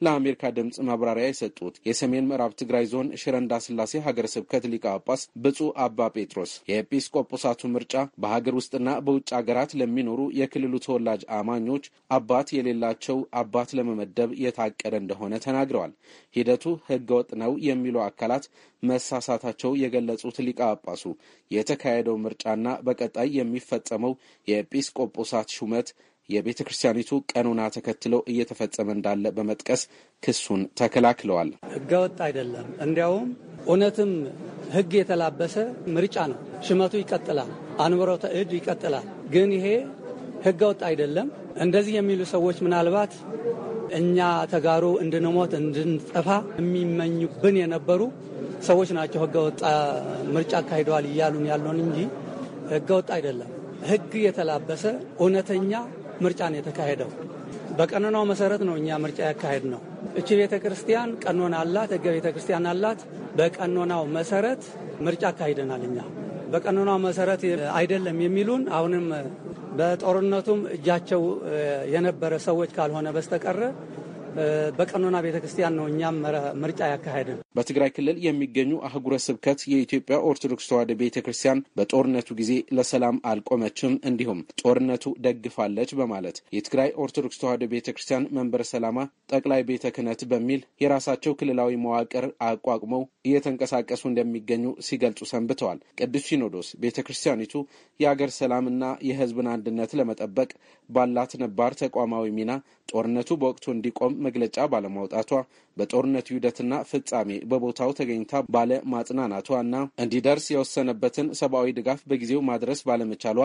ለአሜሪካ ድምፅ ማብራሪያ የሰጡት የሰሜን ምዕራብ ትግራይ ዞን ሽረንዳ ስላሴ ሀገረ ስብከት ሊቀ ጳጳስ ብፁዕ አባ ጴጥሮስ የኤጲስቆጶሳቱ ምርጫ በሀገር ውስጥና በውጭ ሀገራት ለሚኖሩ የክልሉ ተወላጅ አማኞች አባት የሌላቸው አባት ለመመደብ የታቀደ እንደሆነ ተናግረዋል። ሂደቱ ህገወጥ ነው የሚሉ አካላት መሳሳታቸው የገለጹት ሊቀ ጳጳሱ የተካሄደው ምርጫና በቀጣይ የሚፈጸመው የኤጲስቆጶሳት ሹመት የቤተ ክርስቲያኒቱ ቀኖና ተከትሎ እየተፈጸመ እንዳለ በመጥቀስ ክሱን ተከላክለዋል። ህገወጥ አይደለም፣ እንዲያውም እውነትም ህግ የተላበሰ ምርጫ ነው። ሽመቱ ይቀጥላል፣ አንብሮተ እድ ይቀጥላል። ግን ይሄ ህገወጥ አይደለም። እንደዚህ የሚሉ ሰዎች ምናልባት እኛ ተጋሩ እንድንሞት እንድንጠፋ የሚመኙብን የነበሩ ሰዎች ናቸው። ህገወጥ ምርጫ አካሂደዋል እያሉን ያለውን እንጂ ህገወጥ አይደለም። ህግ የተላበሰ እውነተኛ ምርጫን የተካሄደው በቀኖናው መሰረት ነው። እኛ ምርጫ ያካሄድ ነው። እቺ ቤተ ክርስቲያን ቀኖና አላት፣ ህገ ቤተ ክርስቲያን አላት። በቀኖናው መሰረት ምርጫ አካሂደናል እኛ በቀኖናው መሰረት አይደለም የሚሉን አሁንም በጦርነቱም እጃቸው የነበረ ሰዎች ካልሆነ በስተቀረ በቀኖና ቤተ ክርስቲያን ነው እኛም ምርጫ ያካሄድን። በትግራይ ክልል የሚገኙ አህጉረ ስብከት የኢትዮጵያ ኦርቶዶክስ ተዋሕዶ ቤተ ክርስቲያን በጦርነቱ ጊዜ ለሰላም አልቆመችም፣ እንዲሁም ጦርነቱ ደግፋለች በማለት የትግራይ ኦርቶዶክስ ተዋሕዶ ቤተ ክርስቲያን መንበረ ሰላማ ጠቅላይ ቤተ ክህነት በሚል የራሳቸው ክልላዊ መዋቅር አቋቁመው እየተንቀሳቀሱ እንደሚገኙ ሲገልጹ ሰንብተዋል። ቅዱስ ሲኖዶስ ቤተ ክርስቲያኒቱ የአገር ሰላምና የህዝብን አንድነት ለመጠበቅ ባላት ነባር ተቋማዊ ሚና ጦርነቱ በወቅቱ እንዲቆም መግለጫ ባለማውጣቷ በጦርነቱ ሂደትና ፍጻሜ በቦታው ተገኝታ ባለ ማጽናናቷ እና እንዲደርስ የወሰነበትን ሰብአዊ ድጋፍ በጊዜው ማድረስ ባለመቻሏ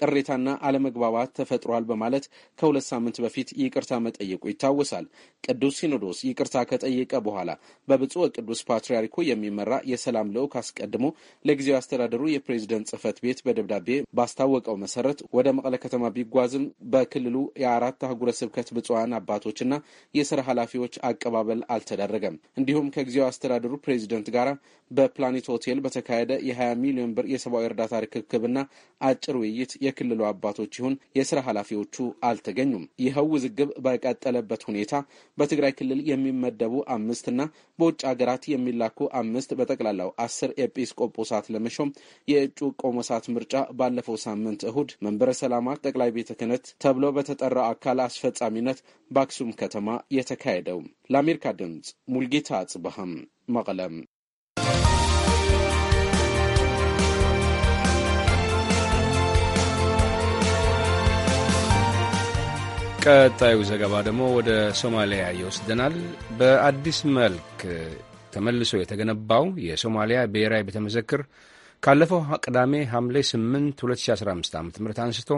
ቅሬታና አለመግባባት ተፈጥሯል በማለት ከሁለት ሳምንት በፊት ይቅርታ መጠየቁ ይታወሳል። ቅዱስ ሲኖዶስ ይቅርታ ከጠየቀ በኋላ በብፁዕ ቅዱስ ፓትርያርኩ የሚመራ የሰላም ልዑክ አስቀድሞ ለጊዜው አስተዳደሩ የፕሬዝደንት ጽህፈት ቤት በደብዳቤ ባስታወቀው መሰረት ወደ መቀለ ከተማ ቢጓዝም በክልሉ የአራት አህጉረ ስብከት የብፁዓን አባቶችና የስራ ኃላፊዎች አቀባበል አልተደረገም። እንዲሁም ከጊዜው አስተዳደሩ ፕሬዚደንት ጋር በፕላኔት ሆቴል በተካሄደ የ20 ሚሊዮን ብር የሰብአዊ እርዳታ ርክክብና አጭር ውይይት የክልሉ አባቶች ይሁን የስራ ኃላፊዎቹ አልተገኙም። ይኸው ውዝግብ በቀጠለበት ሁኔታ በትግራይ ክልል የሚመደቡ አምስትና በውጭ ሀገራት የሚላኩ አምስት በጠቅላላው አስር ኤጲስቆጶሳት ለመሾም የእጩ ቆሞሳት ምርጫ ባለፈው ሳምንት እሁድ መንበረ ሰላማት ጠቅላይ ቤተ ክህነት ተብሎ በተጠራው አካል አስፈጻሚነት ጦርነት በአክሱም ከተማ የተካሄደው። ለአሜሪካ ድምፅ ሙልጌታ አጽብሃም መቀለም። ቀጣዩ ዘገባ ደግሞ ወደ ሶማሊያ ይወስደናል። በአዲስ መልክ ተመልሶ የተገነባው የሶማሊያ ብሔራዊ ቤተ መዘክር ካለፈው ቅዳሜ ሐምሌ 8 2015 ዓ ም አንስቶ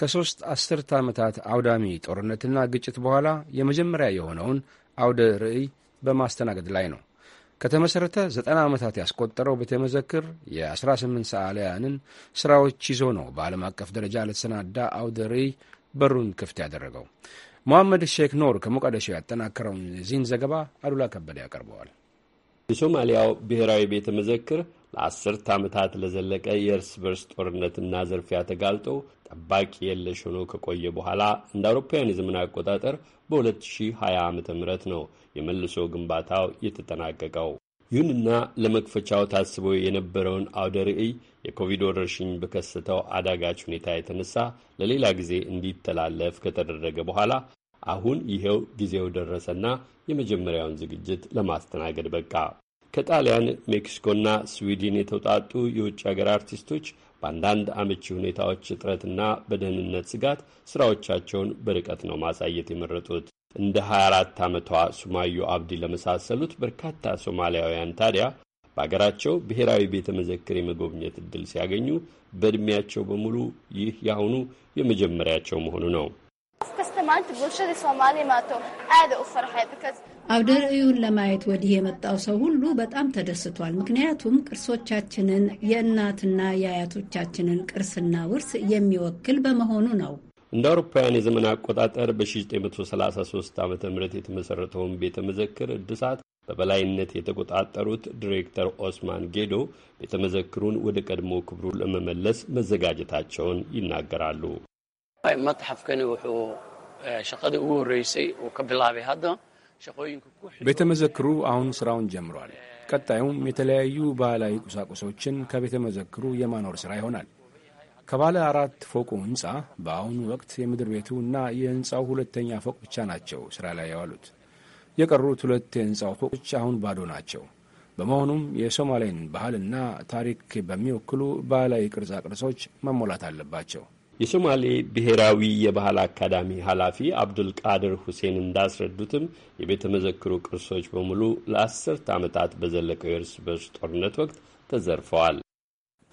ከሦስት አስርተ ዓመታት አውዳሚ ጦርነትና ግጭት በኋላ የመጀመሪያ የሆነውን አውደ ርዕይ በማስተናገድ ላይ ነው። ከተመሠረተ ዘጠና ዓመታት ያስቆጠረው ቤተ መዘክር የ18 ሰዓሊያንን ሥራዎች ይዞ ነው በዓለም አቀፍ ደረጃ ለተሰናዳ አውደ ርዕይ በሩን ክፍት ያደረገው። መሐመድ ሼክ ኖር ከሞቃዲሾ ያጠናከረውን የዚህን ዘገባ አሉላ ከበደ ያቀርበዋል። የሶማሊያው ብሔራዊ ቤተ መዘክር ለአስርት ዓመታት ለዘለቀ የእርስ በርስ ጦርነትና ዘርፊያ ተጋልጦ ጠባቂ የለሽ ሆኖ ከቆየ በኋላ እንደ አውሮፓውያን የዘመን አቆጣጠር በ2020 ዓ ም ነው የመልሶ ግንባታው የተጠናቀቀው። ይሁንና ለመክፈቻው ታስቦ የነበረውን አውደ ርዕይ የኮቪድ ወረርሽኝ በከሰተው አዳጋች ሁኔታ የተነሳ ለሌላ ጊዜ እንዲተላለፍ ከተደረገ በኋላ አሁን ይኸው ጊዜው ደረሰና የመጀመሪያውን ዝግጅት ለማስተናገድ በቃ። ከጣሊያን ሜክሲኮና ስዊድን የተውጣጡ የውጭ ሀገር አርቲስቶች በአንዳንድ አመቺ ሁኔታዎች እጥረትና በደህንነት ስጋት ስራዎቻቸውን በርቀት ነው ማሳየት የመረጡት። እንደ 24 ዓመቷ ሱማዮ አብዲ ለመሳሰሉት በርካታ ሶማሊያውያን ታዲያ በአገራቸው ብሔራዊ ቤተ መዘክር የመጎብኘት እድል ሲያገኙ በዕድሜያቸው በሙሉ ይህ ያሁኑ የመጀመሪያቸው መሆኑ ነው። አውደ ርዕዩን ለማየት ወዲህ የመጣው ሰው ሁሉ በጣም ተደስቷል። ምክንያቱም ቅርሶቻችንን የእናትና የአያቶቻችንን ቅርስና ውርስ የሚወክል በመሆኑ ነው። እንደ አውሮፓውያን የዘመን አቆጣጠር በ1933 ዓ ም የተመሠረተውን ቤተ መዘክር እድሳት በበላይነት የተቆጣጠሩት ዲሬክተር ኦስማን ጌዶ ቤተ መዘክሩን ወደ ቀድሞ ክብሩ ለመመለስ መዘጋጀታቸውን ይናገራሉ። ውሑ ሸቀዲ ኡ ወረይሰይ ከብላቤ ቤተ መዘክሩ አሁን ሥራውን ጀምሯል። ቀጣዩም የተለያዩ ባህላዊ ቁሳቁሶችን ከቤተ መዘክሩ የማኖር ሥራ ይሆናል። ከባለ አራት ፎቁ ሕንፃ በአሁኑ ወቅት የምድር ቤቱ እና የሕንፃው ሁለተኛ ፎቅ ብቻ ናቸው ሥራ ላይ የዋሉት። የቀሩት ሁለት የሕንፃው ፎቆች አሁን ባዶ ናቸው። በመሆኑም የሶማሌን ባህልና ታሪክ በሚወክሉ ባህላዊ ቅርጻ ቅርጾች መሞላት አለባቸው። የሶማሌ ብሔራዊ የባህል አካዳሚ ኃላፊ አብዱልቃድር ሁሴን እንዳስረዱትም የቤተ መዘክሩ ቅርሶች በሙሉ ለአስርት ዓመታት በዘለቀው የእርስ በርስ ጦርነት ወቅት ተዘርፈዋል።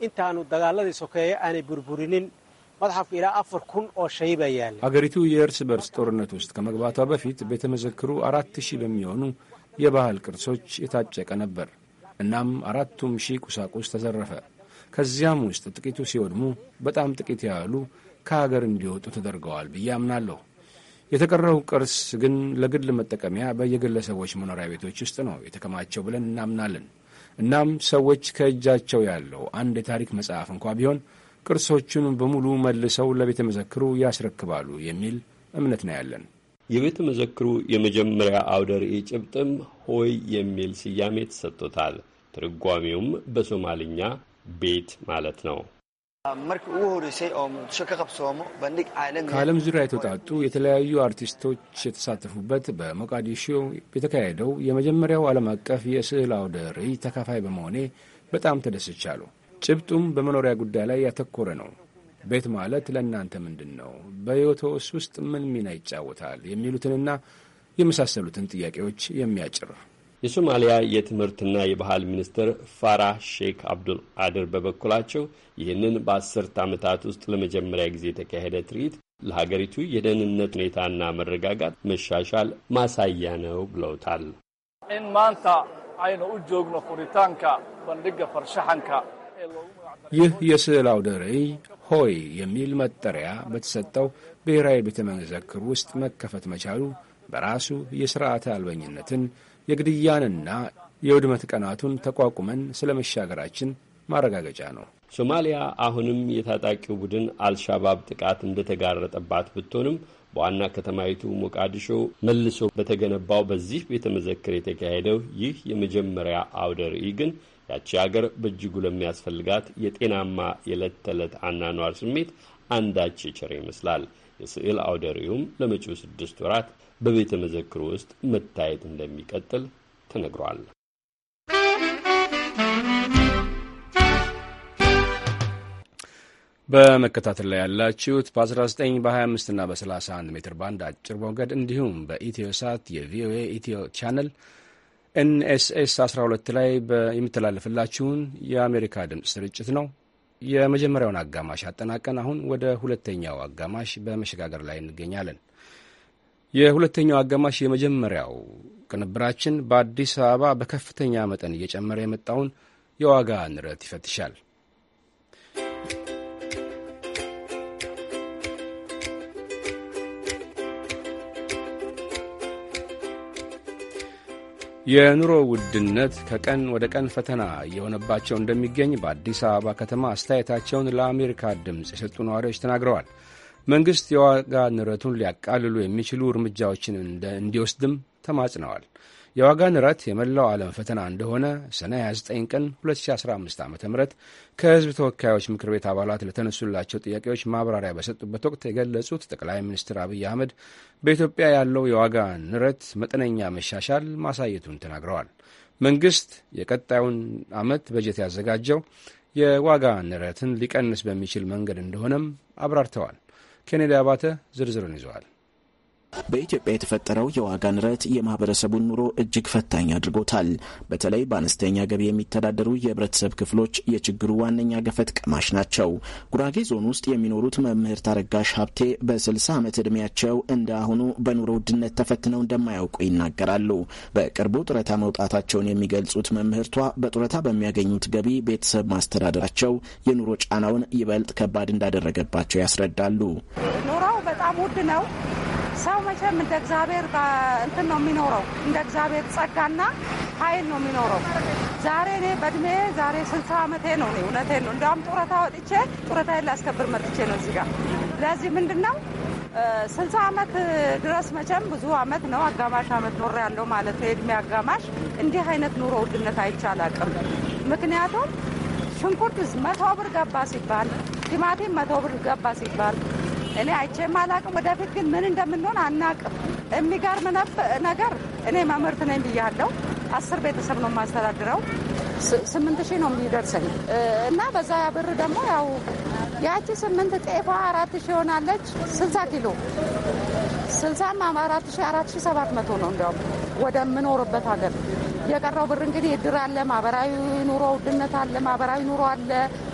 ኢንታኑ ደጋላዲ ሶከየ አኔ ቡርቡሪኒን መጽሐፍ ኢላ አፍር ኩን አገሪቱ የእርስ በርስ ጦርነት ውስጥ ከመግባቷ በፊት ቤተ መዘክሩ አራት ሺህ በሚሆኑ የባህል ቅርሶች የታጨቀ ነበር። እናም አራቱም ሺህ ቁሳቁስ ተዘረፈ። ከዚያም ውስጥ ጥቂቱ ሲወድሙ፣ በጣም ጥቂት ያሉ ከሀገር እንዲወጡ ተደርገዋል ብዬ አምናለሁ። የተቀረው ቅርስ ግን ለግል መጠቀሚያ በየግለሰቦች መኖሪያ ቤቶች ውስጥ ነው የተከማቸው ብለን እናምናለን። እናም ሰዎች ከእጃቸው ያለው አንድ የታሪክ መጽሐፍ እንኳ ቢሆን ቅርሶቹን በሙሉ መልሰው ለቤተ መዘክሩ ያስረክባሉ የሚል እምነት ነው ያለን። የቤተ መዘክሩ የመጀመሪያ አውደ ርዕይ ጭብጥም ሆይ የሚል ስያሜ ተሰጥቶታል። ትርጓሜውም በሶማልኛ ቤት ማለት ነው። ከዓለም ዙሪያ የተውጣጡ የተለያዩ አርቲስቶች የተሳተፉበት በሞቃዲሾ የተካሄደው የመጀመሪያው ዓለም አቀፍ የስዕል አውደ ርዕይ ተካፋይ በመሆኔ በጣም ተደስቻለሁ። ጭብጡም በመኖሪያ ጉዳይ ላይ ያተኮረ ነው። ቤት ማለት ለእናንተ ምንድን ነው? በሕይወቶስ ውስጥ ምን ሚና ይጫወታል? የሚሉትንና የመሳሰሉትን ጥያቄዎች የሚያጭር የሶማሊያ የትምህርትና የባህል ሚኒስትር ፋራ ሼክ አብዱል አድር በበኩላቸው ይህንን በአስርት ዓመታት ውስጥ ለመጀመሪያ ጊዜ የተካሄደ ትርኢት ለሀገሪቱ የደህንነት ሁኔታና መረጋጋት መሻሻል ማሳያ ነው ብለውታል። ማንታ አይነ ኩሪታንካ በንድገ ይህ የስዕል አውደ ርዕይ ሆይ የሚል መጠሪያ በተሰጠው ብሔራዊ ቤተ መዘክር ውስጥ መከፈት መቻሉ በራሱ የሥርዓተ አልበኝነትን የግድያንና የውድመት ቀናቱን ተቋቁመን ስለ መሻገራችን ማረጋገጫ ነው። ሶማሊያ አሁንም የታጣቂው ቡድን አልሻባብ ጥቃት እንደተጋረጠባት ብትሆንም በዋና ከተማይቱ ሞቃዲሾ መልሶ በተገነባው በዚህ ቤተ መዘክር የተካሄደው ይህ የመጀመሪያ አውደ ርዕይ ግን ያቺ አገር በእጅጉ ለሚያስፈልጋት የጤናማ የዕለት ተዕለት አናኗር ስሜት አንዳች የቸር ይመስላል። የስዕል አውደ ርዕዩም ለመጪው ስድስት ወራት በቤተ መዘክር ውስጥ መታየት እንደሚቀጥል ተነግሯል። በመከታተል ላይ ያላችሁት በ19 በ25 እና በ31 ሜትር ባንድ አጭር ሞገድ እንዲሁም በኢትዮ ሳት የቪኦኤ ኢትዮ ቻነል ኤንኤስኤስ 12 ላይ የሚተላለፍላችሁን የአሜሪካ ድምፅ ስርጭት ነው። የመጀመሪያውን አጋማሽ አጠናቀን አሁን ወደ ሁለተኛው አጋማሽ በመሸጋገር ላይ እንገኛለን። የሁለተኛው አጋማሽ የመጀመሪያው ቅንብራችን በአዲስ አበባ በከፍተኛ መጠን እየጨመረ የመጣውን የዋጋ ንረት ይፈትሻል። የኑሮ ውድነት ከቀን ወደ ቀን ፈተና እየሆነባቸው እንደሚገኝ በአዲስ አበባ ከተማ አስተያየታቸውን ለአሜሪካ ድምፅ የሰጡ ነዋሪዎች ተናግረዋል። መንግስት የዋጋ ንረቱን ሊያቃልሉ የሚችሉ እርምጃዎችን እንዲወስድም ተማጽነዋል። የዋጋ ንረት የመላው ዓለም ፈተና እንደሆነ ሰኔ 29 ቀን 2015 ዓ ም ከህዝብ ተወካዮች ምክር ቤት አባላት ለተነሱላቸው ጥያቄዎች ማብራሪያ በሰጡበት ወቅት የገለጹት ጠቅላይ ሚኒስትር አብይ አህመድ በኢትዮጵያ ያለው የዋጋ ንረት መጠነኛ መሻሻል ማሳየቱን ተናግረዋል። መንግስት የቀጣዩን ዓመት በጀት ያዘጋጀው የዋጋ ንረትን ሊቀንስ በሚችል መንገድ እንደሆነም አብራርተዋል። ኬኔዲ አባተ ዝርዝሩን ይዘዋል። በኢትዮጵያ የተፈጠረው የዋጋ ንረት የማህበረሰቡን ኑሮ እጅግ ፈታኝ አድርጎታል። በተለይ በአነስተኛ ገቢ የሚተዳደሩ የህብረተሰብ ክፍሎች የችግሩ ዋነኛ ገፈት ቀማሽ ናቸው። ጉራጌ ዞን ውስጥ የሚኖሩት መምህር ታረጋሽ ሀብቴ በ60 ዓመት ዕድሜያቸው እንደ አሁኑ በኑሮ ውድነት ተፈትነው እንደማያውቁ ይናገራሉ። በቅርቡ ጡረታ መውጣታቸውን የሚገልጹት መምህርቷ በጡረታ በሚያገኙት ገቢ ቤተሰብ ማስተዳደራቸው የኑሮ ጫናውን ይበልጥ ከባድ እንዳደረገባቸው ያስረዳሉ። ኑሮው በጣም ውድ ነው። ሰው መቼም እንደ እግዚአብሔር እንትን ነው የሚኖረው፣ እንደ እግዚአብሔር ጸጋና ኃይል ነው የሚኖረው። ዛሬ እኔ በእድሜ ዛሬ ስልሳ ዓመቴ ነው። እውነቴ ነው። እንዲያውም ጡረታ ወጥቼ ጡረታዬን ላስከብር መጥቼ ነው እዚህ ጋር። ለዚህ ምንድን ነው ስልሳ ዓመት ድረስ መቼም ብዙ ዓመት ነው አጋማሽ ዓመት ኖር ያለው ማለት ነው የእድሜ አጋማሽ። እንዲህ አይነት ኑሮ ውድነት አይቻል አቅም ምክንያቱም ሽንኩርት መቶ ብር ገባ ሲባል ቲማቲም መቶ ብር ገባ ሲባል እኔ አይቼም አላቅም። ወደፊት ግን ምን እንደምንሆን አናቅም። የሚገርም ነገር እኔ መምህርት ነኝ ብያለሁ። አስር ቤተሰብ ነው የማስተዳድረው። ስምንት ሺህ ነው የሚደርሰኝ እና በዛ ብር ደግሞ ያው ያቺ ስምንት ጤፋ አራት ሺህ ሆናለች። ስልሳ ኪሎ ስልሳም አራት ሺህ አራት ሺህ ሰባት መቶ ነው እንዲያውም ወደምኖርበት ሀገር የቀረው ብር እንግዲህ እድር አለ፣ ማህበራዊ ኑሮ ውድነት አለ፣ ማህበራዊ ኑሮ አለ፣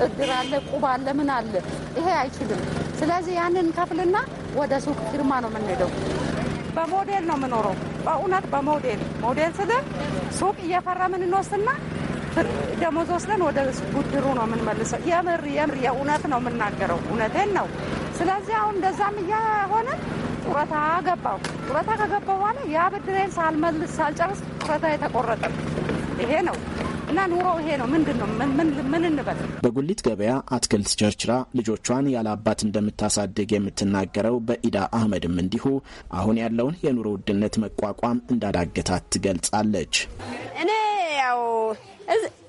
እድር አለ፣ ቁብ አለ፣ ምን አለ። ይሄ አይችልም ስለዚህ ያንን ከፍልና ወደ ሱቅ ፊርማ ነው የምንሄደው። በሞዴል ነው የምኖረው። በእውነት በሞዴል ሞዴል ስል ሱቅ እየፈረምን እንወስድና ደሞዝ ወስደን ወደ ጉድሩ ነው የምንመልሰው። የምር የምር የእውነት ነው የምናገረው፣ እውነቴን ነው። ስለዚህ አሁን እንደዛም እያሆነ ጡረታ ገባው። ጡረታ ከገባው በኋላ ያ ብድሬን ሳልመልስ ሳልጨርስ ጡረታ የተቆረጠ ይሄ ነው እና ኑሮ ይሄ ነው። ምንድን ነው ምን እንበል? በጉሊት ገበያ አትክልት ቸርችራ ልጆቿን ያለ አባት እንደምታሳድግ የምትናገረው በኢዳ አህመድም እንዲሁ አሁን ያለውን የኑሮ ውድነት መቋቋም እንዳዳገታት ትገልጻለች። እኔ ያው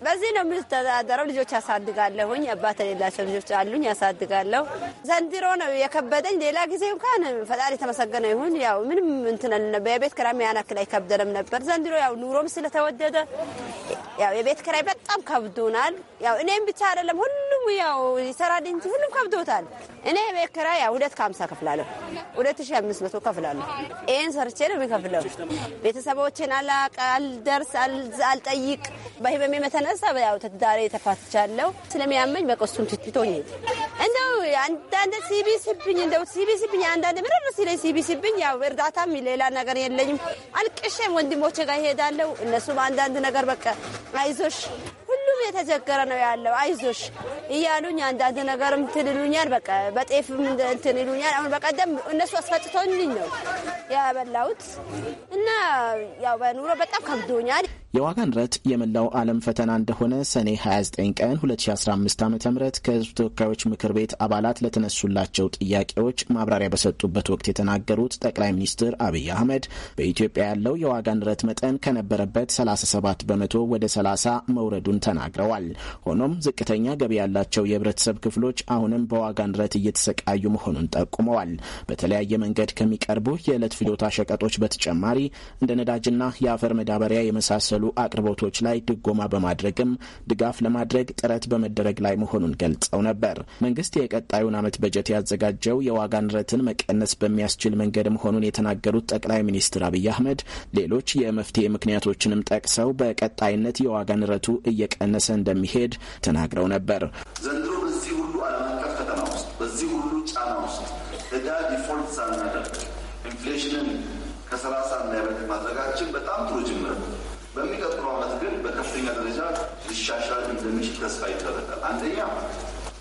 በዚህ ነው የምተዳደረው። ልጆች ያሳድጋለሁኝ። አባት የሌላቸው ልጆች አሉኝ፣ ያሳድጋለሁ። ዘንድሮ ነው የከበደኝ። ሌላ ጊዜ እንኳን ፈጣሪ የተመሰገነ ይሁን ያው ምንም እንትን አልነበረ። የቤት ኪራይም ያን ያክል አይከብደንም ነበር። ዘንድሮ ያው ኑሮም ስለተወደደ ያው የቤት ክራይ በጣም ከብዶናል። ያው እኔም ብቻ አይደለም ሁሉም ያው ይሰራል እንጂ ሁሉም ከብዶታል። እኔ የቤት ኪራይ ያው ሁለት ከሀምሳ ከፍላለሁ፣ ሁለት ሺ አምስት መቶ ከፍላለሁ። ይህን ሰርቼ ነው የሚከፍለው። ቤተሰቦችን አላቅ አልደርስ አልጠይቅ በህይወት ከመታመሜ የተነሳ ያው ትዳሬ ተፋትቻለሁ። ስለሚያመኝ በቃ እሱን ትቶኝ እንደው አንዳንድ ሲቢስብኝ እንደው ሲቢስብኝ አንዳንድ ምርር ሲለኝ ሲቢስብኝ፣ ያው እርዳታም ሌላ ነገር የለኝም። አልቅሼም ወንድሞቼ ጋር ይሄዳለሁ። እነሱም አንዳንድ ነገር በቃ አይዞሽ ሁሉም የተቸገረ ነው ያለው። አይዞሽ እያሉኝ አንዳንድ ነገርም እንትን ይሉኛል። በቃ በጤፍም እንትን ይሉኛል። አሁን በቀደም እነሱ አስፈጭቶልኝ ነው ያበላሁት እና ያው በኑሮ በጣም ከብዶኛል። የዋጋ ንረት የመላው ዓለም ፈተና እንደሆነ ሰኔ 29 ቀን 2015 ዓ ም ከህዝብ ተወካዮች ምክር ቤት አባላት ለተነሱላቸው ጥያቄዎች ማብራሪያ በሰጡበት ወቅት የተናገሩት ጠቅላይ ሚኒስትር አብይ አህመድ በኢትዮጵያ ያለው የዋጋ ንረት መጠን ከነበረበት 37 በመቶ ወደ 30 መውረዱን መሆኑን ተናግረዋል። ሆኖም ዝቅተኛ ገቢ ያላቸው የህብረተሰብ ክፍሎች አሁንም በዋጋ ንረት እየተሰቃዩ መሆኑን ጠቁመዋል። በተለያየ መንገድ ከሚቀርቡ የዕለት ፍጆታ ሸቀጦች በተጨማሪ እንደ ነዳጅና የአፈር መዳበሪያ የመሳሰሉ አቅርቦቶች ላይ ድጎማ በማድረግም ድጋፍ ለማድረግ ጥረት በመደረግ ላይ መሆኑን ገልጸው ነበር። መንግስት የቀጣዩን ዓመት በጀት ያዘጋጀው የዋጋ ንረትን መቀነስ በሚያስችል መንገድ መሆኑን የተናገሩት ጠቅላይ ሚኒስትር አብይ አህመድ ሌሎች የመፍትሄ ምክንያቶችንም ጠቅሰው በቀጣይነት የዋጋ ንረቱ እየ እየቀነሰ እንደሚሄድ ተናግረው ነበር። ዘንድሮ በዚህ ሁሉ ዓለም አቀፍ ፈተና ውስጥ በዚህ ሁሉ ጫና ውስጥ እዳ ዲፎልት ሳናደርግ ኢንፍሌሽንን ከሰላሳ እንዳይበልጥ ማድረጋችን በጣም ጥሩ ጅምር። በሚቀጥለው ዓመት ግን በከፍተኛ ደረጃ ሊሻሻል እንደሚችል ተስፋ ይደረጋል። አንደኛ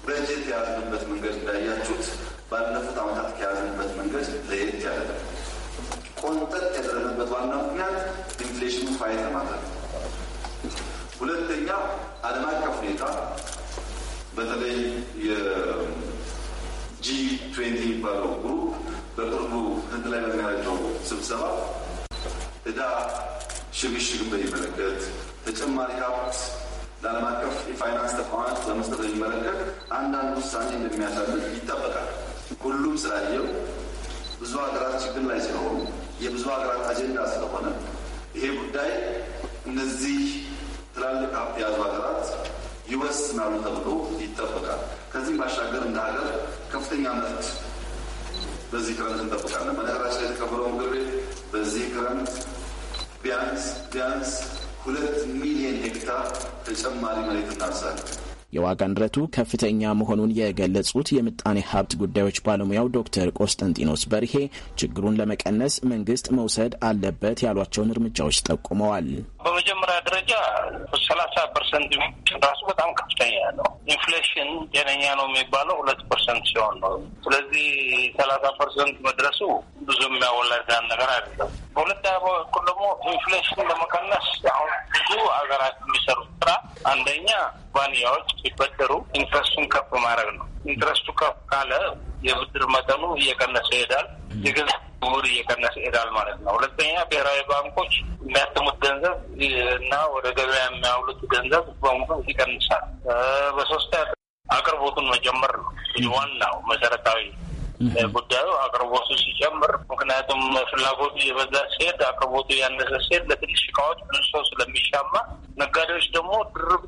በጀት የያዝንበት መንገድ እንዳያችሁት ባለፉት ዓመታት ከያዝንበት መንገድ ለየት ያለ ቆንጠጥ ያደረግንበት ዋና ምክንያት ኢንፍሌሽኑ ፋይት ለማድረግ ሁለተኛ ዓለም አቀፍ ሁኔታ በተለይ የጂ ትዌንቲ የሚባለው ግሩፕ በቅርቡ ህንድ ላይ በሚያደርገው ስብሰባ እዳ ሽግሽግን በሚመለከት ተጨማሪ ሀብት ለዓለም አቀፍ የፋይናንስ ተቋማት በመስጠት በሚመለከት አንዳንድ ውሳኔ እንደሚያሳልፍ ይጠበቃል። ሁሉም ስላየው ብዙ ሀገራት ችግር ላይ ስለሆኑ የብዙ ሀገራት አጀንዳ ስለሆነ ይሄ ጉዳይ እነዚህ ትላልቅ ሀብት የያዙ ሀገራት ይወስናሉ ተብሎ ይጠበቃል። ከዚህም ባሻገር እንደ ሀገር ከፍተኛ ምርት በዚህ ክረምት እንጠብቃለን። በነገራችን ላይ የተቀበለው ምክር ቤት በዚህ ክረምት ቢያንስ ቢያንስ ሁለት ሚሊዮን ሄክታር ተጨማሪ መሬት እናርሳለን። የዋጋ ንረቱ ከፍተኛ መሆኑን የገለጹት የምጣኔ ሀብት ጉዳዮች ባለሙያው ዶክተር ቆስጠንጢኖስ በርሄ ችግሩን ለመቀነስ መንግስት መውሰድ አለበት ያሏቸውን እርምጃዎች ጠቁመዋል። በመጀመሪያ ደረጃ ሰላሳ ፐርሰንት ራሱ በጣም ከፍተኛ ነው። ኢንፍሌሽን ጤነኛ ነው የሚባለው ሁለት ፐርሰንት ሲሆን ነው። ስለዚህ ሰላሳ ፐርሰንት መድረሱ ብዙ የሚያወላዳን ነገር አይደለም። በሁለተኛ በኩል ደግሞ ኢንፍሌሽን ለመቀነስ አሁን ብዙ ሀገራት የሚሰሩ ስራ አንደኛ ኩባንያዎች ሲበደሩ ኢንትረስቱን ከፍ ማድረግ ነው። ኢንትረስቱ ከፍ ካለ የብድር መጠኑ እየቀነሰ ይሄዳል፣ የገንዘብ ዝውውር እየቀነሰ ይሄዳል ማለት ነው። ሁለተኛ ብሔራዊ ባንኮች የሚያትሙት ገንዘብ እና ወደ ገበያ የሚያውሉት ገንዘብ በሙሉ ይቀንሳል። በሶስተኛ አቅርቦቱን መጀመር ነው ዋናው መሰረታዊ ጉዳዩ አቅርቦቱ ሲጨምር፣ ምክንያቱም ፍላጎቱ የበዛ ሲሄድ አቅርቦቱ ያነሰ ሲሄድ ለትንሽ እቃዎች ብዙ ሰው ስለሚሻማ ነጋዴዎች ደግሞ ድርብ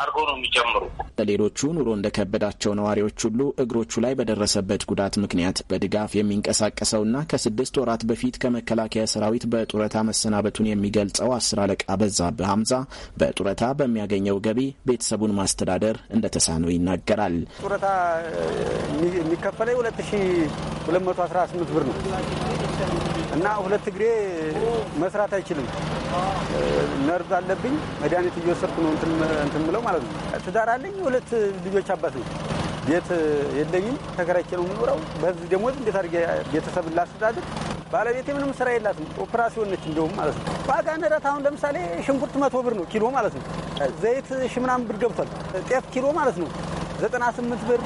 አድርገው ነው የሚጨምሩ። ሌሎቹ ኑሮ እንደከበዳቸው ነዋሪዎች ሁሉ እግሮቹ ላይ በደረሰበት ጉዳት ምክንያት በድጋፍ የሚንቀሳቀሰውና ከስድስት ወራት በፊት ከመከላከያ ሰራዊት በጡረታ መሰናበቱን የሚገልጸው አስር አለቃ በዛብህ ሀምዛ በጡረታ በሚያገኘው ገቢ ቤተሰቡን ማስተዳደር እንደተሳነው ይናገራል። ጡረታ የሚከፈለኝ ሁለት ሺ 218 ብር ነው እና ሁለት እግሬ መስራት አይችልም። ነርዝ አለብኝ። መድኃኒት እየወሰድኩ ነው እንትን የምለው ማለት ነው። ትዳር አለኝ። ሁለት ልጆች አባት ነው። ቤት የለኝም ተከራይቼ ነው የምኖረው። በዚህ ደሞዝ እንዴት አድርጌ ቤተሰብ ላስተዳድር? ባለቤት ምንም ስራ የላትም። ኦፕራሲዮን ነች እንደውም ማለት ነው። ዋጋ ንረት አሁን ለምሳሌ ሽንኩርት መቶ ብር ነው ኪሎ ማለት ነው። ዘይት ሺህ ምናምን ብር ገብቷል። ጤፍ ኪሎ ማለት ነው ዘጠና ስምንት ብር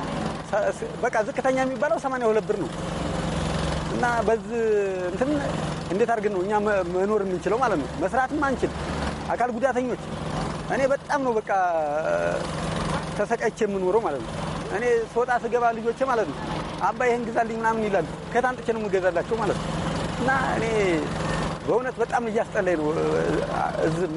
በቃ ዝቅተኛ የሚባለው ሰማንያ ሁለት ብር ነው። እና በዚህ እንትን እንዴት አድርገን ነው እኛ መኖር የምንችለው ማለት ነው። መስራትም አንችል አካል ጉዳተኞች እኔ በጣም ነው በቃ ተሰቃይቼ የምኖረው ማለት ነው። እኔ ስወጣ ስገባ ልጆች ማለት ነው አባ ይህን ግዛልኝ ምናምን ይላሉ። ከታምጥቼ ነው የምገዛላቸው ማለት ነው። እና እኔ በእውነት በጣም እያስጠላኝ ነው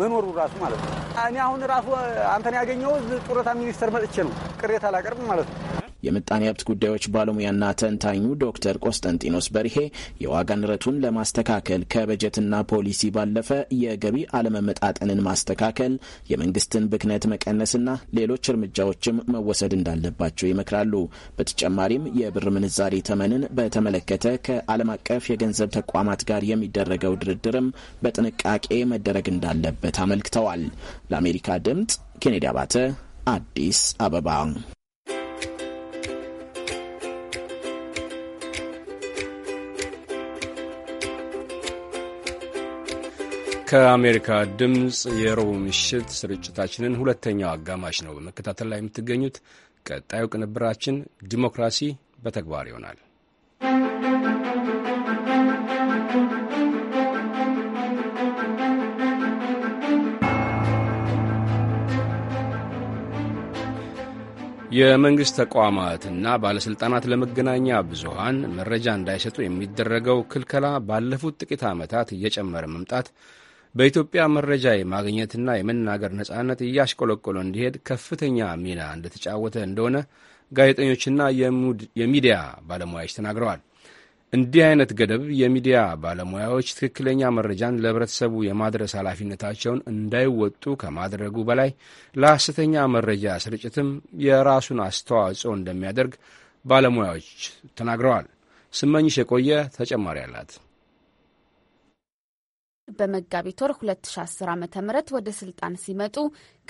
መኖሩ ራሱ ማለት ነው። እኔ አሁን ራሱ አንተን ያገኘው ጡረታ ሚኒስቴር መጥቼ ነው ቅሬታ አላቀርብ ማለት ነው የምጣኔ ሀብት ጉዳዮች ባለሙያና ተንታኙ ዶክተር ቆስጠንጢኖስ በርሄ የዋጋ ንረቱን ለማስተካከል ከበጀትና ፖሊሲ ባለፈ የገቢ አለመመጣጠንን ማስተካከል፣ የመንግስትን ብክነት መቀነስና ሌሎች እርምጃዎችም መወሰድ እንዳለባቸው ይመክራሉ። በተጨማሪም የብር ምንዛሬ ተመንን በተመለከተ ከዓለም አቀፍ የገንዘብ ተቋማት ጋር የሚደረገው ድርድርም በጥንቃቄ መደረግ እንዳለበት አመልክተዋል። ለአሜሪካ ድምጽ ኬኔዲ አባተ አዲስ አበባ ከአሜሪካ ድምፅ የረቡዕ ምሽት ስርጭታችንን ሁለተኛው አጋማሽ ነው በመከታተል ላይ የምትገኙት። ቀጣዩ ቅንብራችን ዲሞክራሲ በተግባር ይሆናል። የመንግሥት ተቋማትና ባለሥልጣናት ለመገናኛ ብዙሃን መረጃ እንዳይሰጡ የሚደረገው ክልከላ ባለፉት ጥቂት ዓመታት እየጨመረ መምጣት በኢትዮጵያ መረጃ የማግኘትና የመናገር ነጻነት እያሽቆለቆለ እንዲሄድ ከፍተኛ ሚና እንደተጫወተ እንደሆነ ጋዜጠኞችና የሚዲያ ባለሙያዎች ተናግረዋል። እንዲህ አይነት ገደብ የሚዲያ ባለሙያዎች ትክክለኛ መረጃን ለህብረተሰቡ የማድረስ ኃላፊነታቸውን እንዳይወጡ ከማድረጉ በላይ ለሐሰተኛ መረጃ ስርጭትም የራሱን አስተዋጽኦ እንደሚያደርግ ባለሙያዎች ተናግረዋል። ስመኝሽ የቆየ ተጨማሪ አላት። በመጋቢት ወር 2010 ዓ ም ወደ ስልጣን ሲመጡ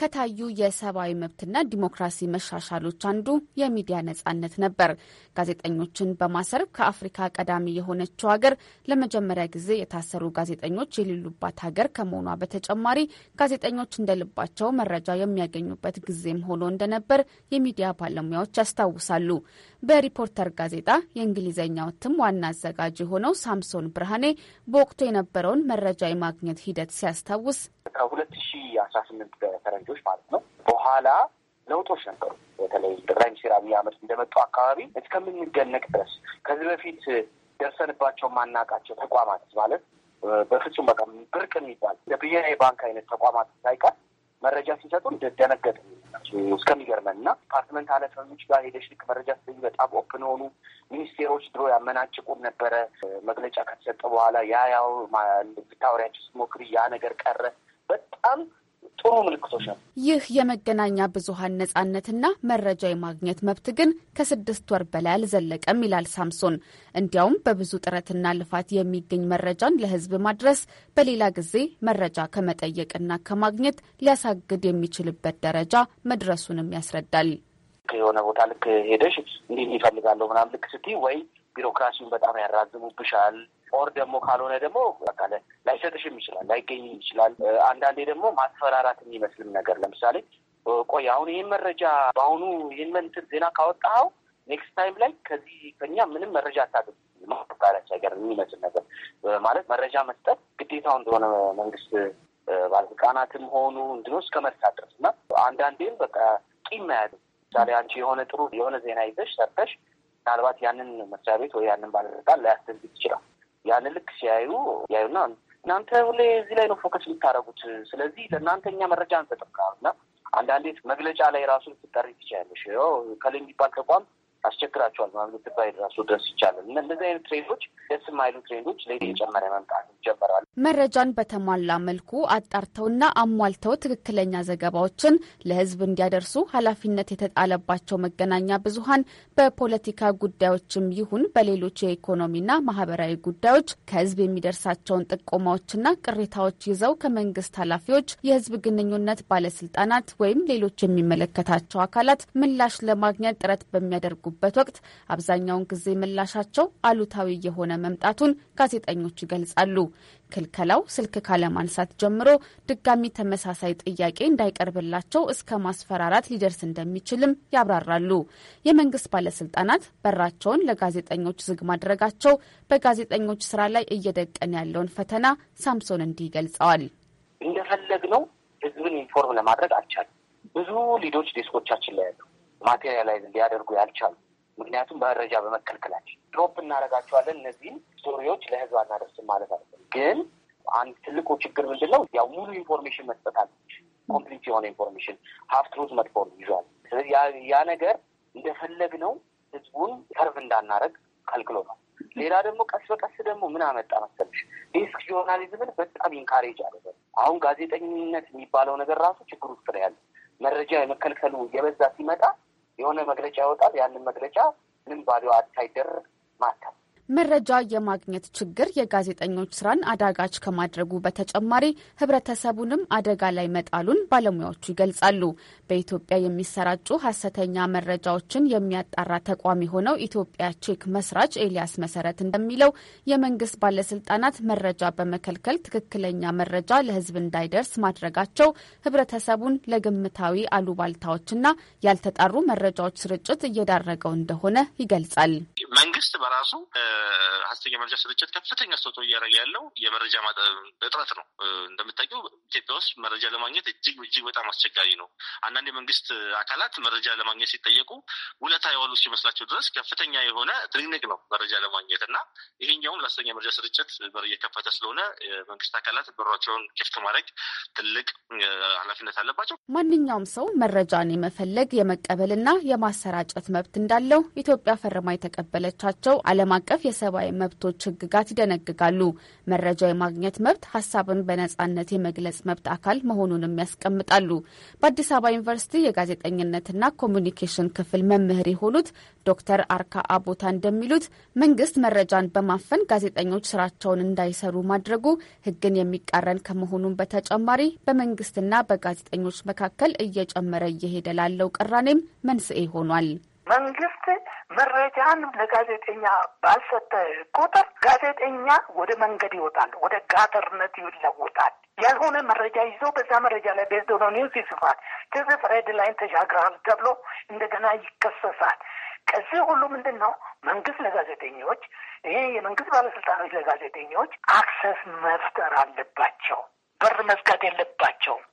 ከታዩ የሰብአዊ መብትና ዲሞክራሲ መሻሻሎች አንዱ የሚዲያ ነጻነት ነበር። ጋዜጠኞችን በማሰር ከአፍሪካ ቀዳሚ የሆነችው ሀገር ለመጀመሪያ ጊዜ የታሰሩ ጋዜጠኞች የሌሉባት ሀገር ከመሆኗ በተጨማሪ ጋዜጠኞች እንደልባቸው መረጃ የሚያገኙበት ጊዜም ሆኖ እንደነበር የሚዲያ ባለሙያዎች ያስታውሳሉ። በሪፖርተር ጋዜጣ የእንግሊዝኛው እትም ዋና አዘጋጅ የሆነው ሳምሶን ብርሃኔ በወቅቱ የነበረውን መረጃ የማግኘት ሂደት ሲያስታውስ ከሁለት ሺ አስራ ስምንት በፈረንጆ ድርጅቶች ማለት ነው። በኋላ ለውጦች ነበሩ። በተለይ ጠቅላይ ሚኒስትር አብይ አህመድ እንደመጡ አካባቢ እስከምንገነቅ ድረስ ከዚህ በፊት ደርሰንባቸው ማናቃቸው ተቋማት ማለት በፍጹም በቃ ብርቅ የሚባል እንደ ብሔራዊ ባንክ አይነት ተቋማት ሳይቀር መረጃ ሲሰጡ እንደደነገጥ እስከሚገርመን እና ዲፓርትመንት ኃላፊዎች ጋር ሄደሽ ልክ መረጃ ስጠኝ በጣም ኦፕን ሆኑ። ሚኒስቴሮች ድሮ ያመናጭቁን ነበረ። መግለጫ ከተሰጠ በኋላ ያ ያው ብታወሪያቸው ስትሞክሪ ያ ነገር ቀረ። በጣም ጥሩ ምልክቶች ነው። ይህ የመገናኛ ብዙሀን ነጻነትና መረጃ የማግኘት መብት ግን ከስድስት ወር በላይ አልዘለቀም ይላል ሳምሶን። እንዲያውም በብዙ ጥረትና ልፋት የሚገኝ መረጃን ለህዝብ ማድረስ በሌላ ጊዜ መረጃ ከመጠየቅና ከማግኘት ሊያሳግድ የሚችልበት ደረጃ መድረሱንም ያስረዳል። የሆነ ቦታ ልክ ሄደሽ እንዲህ ይፈልጋለሁ ምናምን ልክ ስትይ ወይ ቢሮክራሲውን በጣም ያራዝሙብሻል ኦር ደግሞ ካልሆነ ደግሞ በቃ ላይሰጥሽም ይችላል፣ ላይገኝም ይችላል። አንዳንዴ ደግሞ ማስፈራራት የሚመስልም ነገር ለምሳሌ ቆይ አሁን ይህን መረጃ በአሁኑ ይህን መንትር ዜና ካወጣኸው ኔክስት ታይም ላይ ከዚህ ከኛ ምንም መረጃ አታገኝ ማባላች ነገር የሚመስል ነገር ማለት መረጃ መስጠት ግዴታው እንደሆነ መንግስት ባለስልጣናትም ሆኑ እንድኖ እስከ መርሳት ድረስ እና አንዳንዴም በቃ ቂም መያዝ ምሳሌ አንቺ የሆነ ጥሩ የሆነ ዜና ይዘሽ ሰርተሽ ምናልባት ያንን መስሪያ ቤት ወይ ያንን ባለስልጣን ላያስደንግ ይችላል። ያን ልክ ሲያዩ ያዩና እናንተ ሁሌ እዚህ ላይ ነው ፎከስ የምታደርጉት፣ ስለዚህ ለእናንተ እኛ መረጃ አንሰጥም እና አንዳንዴት መግለጫ ላይ ራሱ ልትጠሪ ትችያለሽ። ከላይ የሚባል ተቋም አስቸግራቸዋል ማለት ትባይ ራሱ ድረስ ይቻላል። እነዚህ አይነት ትሬንዶች ደስ የማይሉ ትሬንዶች ለ የጨመረ መምጣት ይጀመራል። መረጃን በተሟላ መልኩ አጣርተውና አሟልተው ትክክለኛ ዘገባዎችን ለህዝብ እንዲያደርሱ ኃላፊነት የተጣለባቸው መገናኛ ብዙሀን በፖለቲካ ጉዳዮችም ይሁን በሌሎች የኢኮኖሚና ማህበራዊ ጉዳዮች ከህዝብ የሚደርሳቸውን ጥቆማዎችና ቅሬታዎች ይዘው ከመንግስት ኃላፊዎች፣ የህዝብ ግንኙነት ባለስልጣናት ወይም ሌሎች የሚመለከታቸው አካላት ምላሽ ለማግኘት ጥረት በሚያደርጉ በሚያደርጉበት ወቅት አብዛኛውን ጊዜ ምላሻቸው አሉታዊ የሆነ መምጣቱን ጋዜጠኞች ይገልጻሉ። ክልከላው ስልክ ካለማንሳት ጀምሮ ድጋሚ ተመሳሳይ ጥያቄ እንዳይቀርብላቸው እስከ ማስፈራራት ሊደርስ እንደሚችልም ያብራራሉ። የመንግስት ባለስልጣናት በራቸውን ለጋዜጠኞች ዝግ ማድረጋቸው በጋዜጠኞች ስራ ላይ እየደቀን ያለውን ፈተና ሳምሶን እንዲህ ይገልጸዋል። እንደፈለግነው ህዝብን ኢንፎርም ለማድረግ አልቻለም። ብዙ ሊዶች ዴስኮቻችን ላይ ያሉ ማቴሪያላይዝ ሊያደርጉ ያልቻሉ ምክንያቱም መረጃ በመከልከላቸው ድሮፕ እናደርጋቸዋለን። እነዚህን ስቶሪዎች ለህዝብ አናደርስም ማለት አለ። ግን አንድ ትልቁ ችግር ምንድን ነው? ያው ሙሉ ኢንፎርሜሽን መስጠት አለች። ኮምፕሊት የሆነ ኢንፎርሜሽን ሀፍ ትሩዝ መጥፎ ይዟል። ስለዚህ ያ ነገር እንደፈለግ ነው ህዝቡን ሰርቭ እንዳናረግ ከልክሎ ነው። ሌላ ደግሞ ቀስ በቀስ ደግሞ ምን አመጣ መሰለሽ ዴስክ ጆርናሊዝምን በጣም ኢንካሬጅ አደረገ። አሁን ጋዜጠኝነት የሚባለው ነገር ራሱ ችግር ውስጥ ነው ያለ። መረጃ የመከልከሉ የበዛ ሲመጣ የሆነ መግለጫ ያወጣል። ያንን መግለጫ ምንም ባሉ አታይደር ማተም መረጃ የማግኘት ችግር የጋዜጠኞች ስራን አዳጋች ከማድረጉ በተጨማሪ ህብረተሰቡንም አደጋ ላይ መጣሉን ባለሙያዎቹ ይገልጻሉ። በኢትዮጵያ የሚሰራጩ ሀሰተኛ መረጃዎችን የሚያጣራ ተቋም የሆነው ኢትዮጵያ ቼክ መስራች ኤልያስ መሰረት እንደሚለው የመንግስት ባለስልጣናት መረጃ በመከልከል ትክክለኛ መረጃ ለህዝብ እንዳይደርስ ማድረጋቸው ህብረተሰቡን ለግምታዊ አሉባልታዎችና ያልተጣሩ መረጃዎች ስርጭት እየዳረገው እንደሆነ ይገልጻል። መንግስት በራሱ ሀሰተኛ መረጃ ስርጭት ከፍተኛ አስተዋጽኦ እያደረገ ያለው የመረጃ እጥረት ነው። እንደምታየው ኢትዮጵያ ውስጥ መረጃ ለማግኘት እጅግ እጅግ በጣም አስቸጋሪ ነው። አንዳንድ የመንግስት አካላት መረጃ ለማግኘት ሲጠየቁ ውለታ የዋሉ ሲመስላቸው ድረስ ከፍተኛ የሆነ ትንቅንቅ ነው መረጃ ለማግኘት እና ይሄኛውም ለሀሰተኛ መረጃ ስርጭት በር እየከፈተ ስለሆነ የመንግስት አካላት በሯቸውን ክፍት ማድረግ ትልቅ ኃላፊነት አለባቸው። ማንኛውም ሰው መረጃን የመፈለግ የመቀበልና የማሰራጨት መብት እንዳለው ኢትዮጵያ ፈርማ የተቀበለቻቸው ራሳቸው ዓለም አቀፍ የሰብአዊ መብቶች ህግጋት ይደነግጋሉ። መረጃ የማግኘት መብት፣ ሀሳብን በነጻነት የመግለጽ መብት አካል መሆኑንም ያስቀምጣሉ። በአዲስ አበባ ዩኒቨርሲቲ የጋዜጠኝነትና ኮሚኒኬሽን ክፍል መምህር የሆኑት ዶክተር አርካ አቦታ እንደሚሉት መንግስት መረጃን በማፈን ጋዜጠኞች ስራቸውን እንዳይሰሩ ማድረጉ ህግን የሚቃረን ከመሆኑም በተጨማሪ በመንግስትና በጋዜጠኞች መካከል እየጨመረ እየሄደ ላለው ቅራኔም መንስኤ ሆኗል። መንግስት መረጃን ለጋዜጠኛ ባልሰጠ ቁጥር ጋዜጠኛ ወደ መንገድ ይወጣል፣ ወደ ጋጠርነት ይለወጣል። ያልሆነ መረጃ ይዞ በዛ መረጃ ላይ ቤዝድ ኒውስ ይጽፋል። ትዝፍ ሬድ ላይን ተሻግራል ተብሎ እንደገና ይከሰሳል። ከዚህ ሁሉ ምንድን ነው መንግስት ለጋዜጠኞች ይሄ የመንግስት ባለስልጣኖች ለጋዜጠኞች አክሰስ መፍጠር አለባቸው። በር መዝጋት የለባቸውም።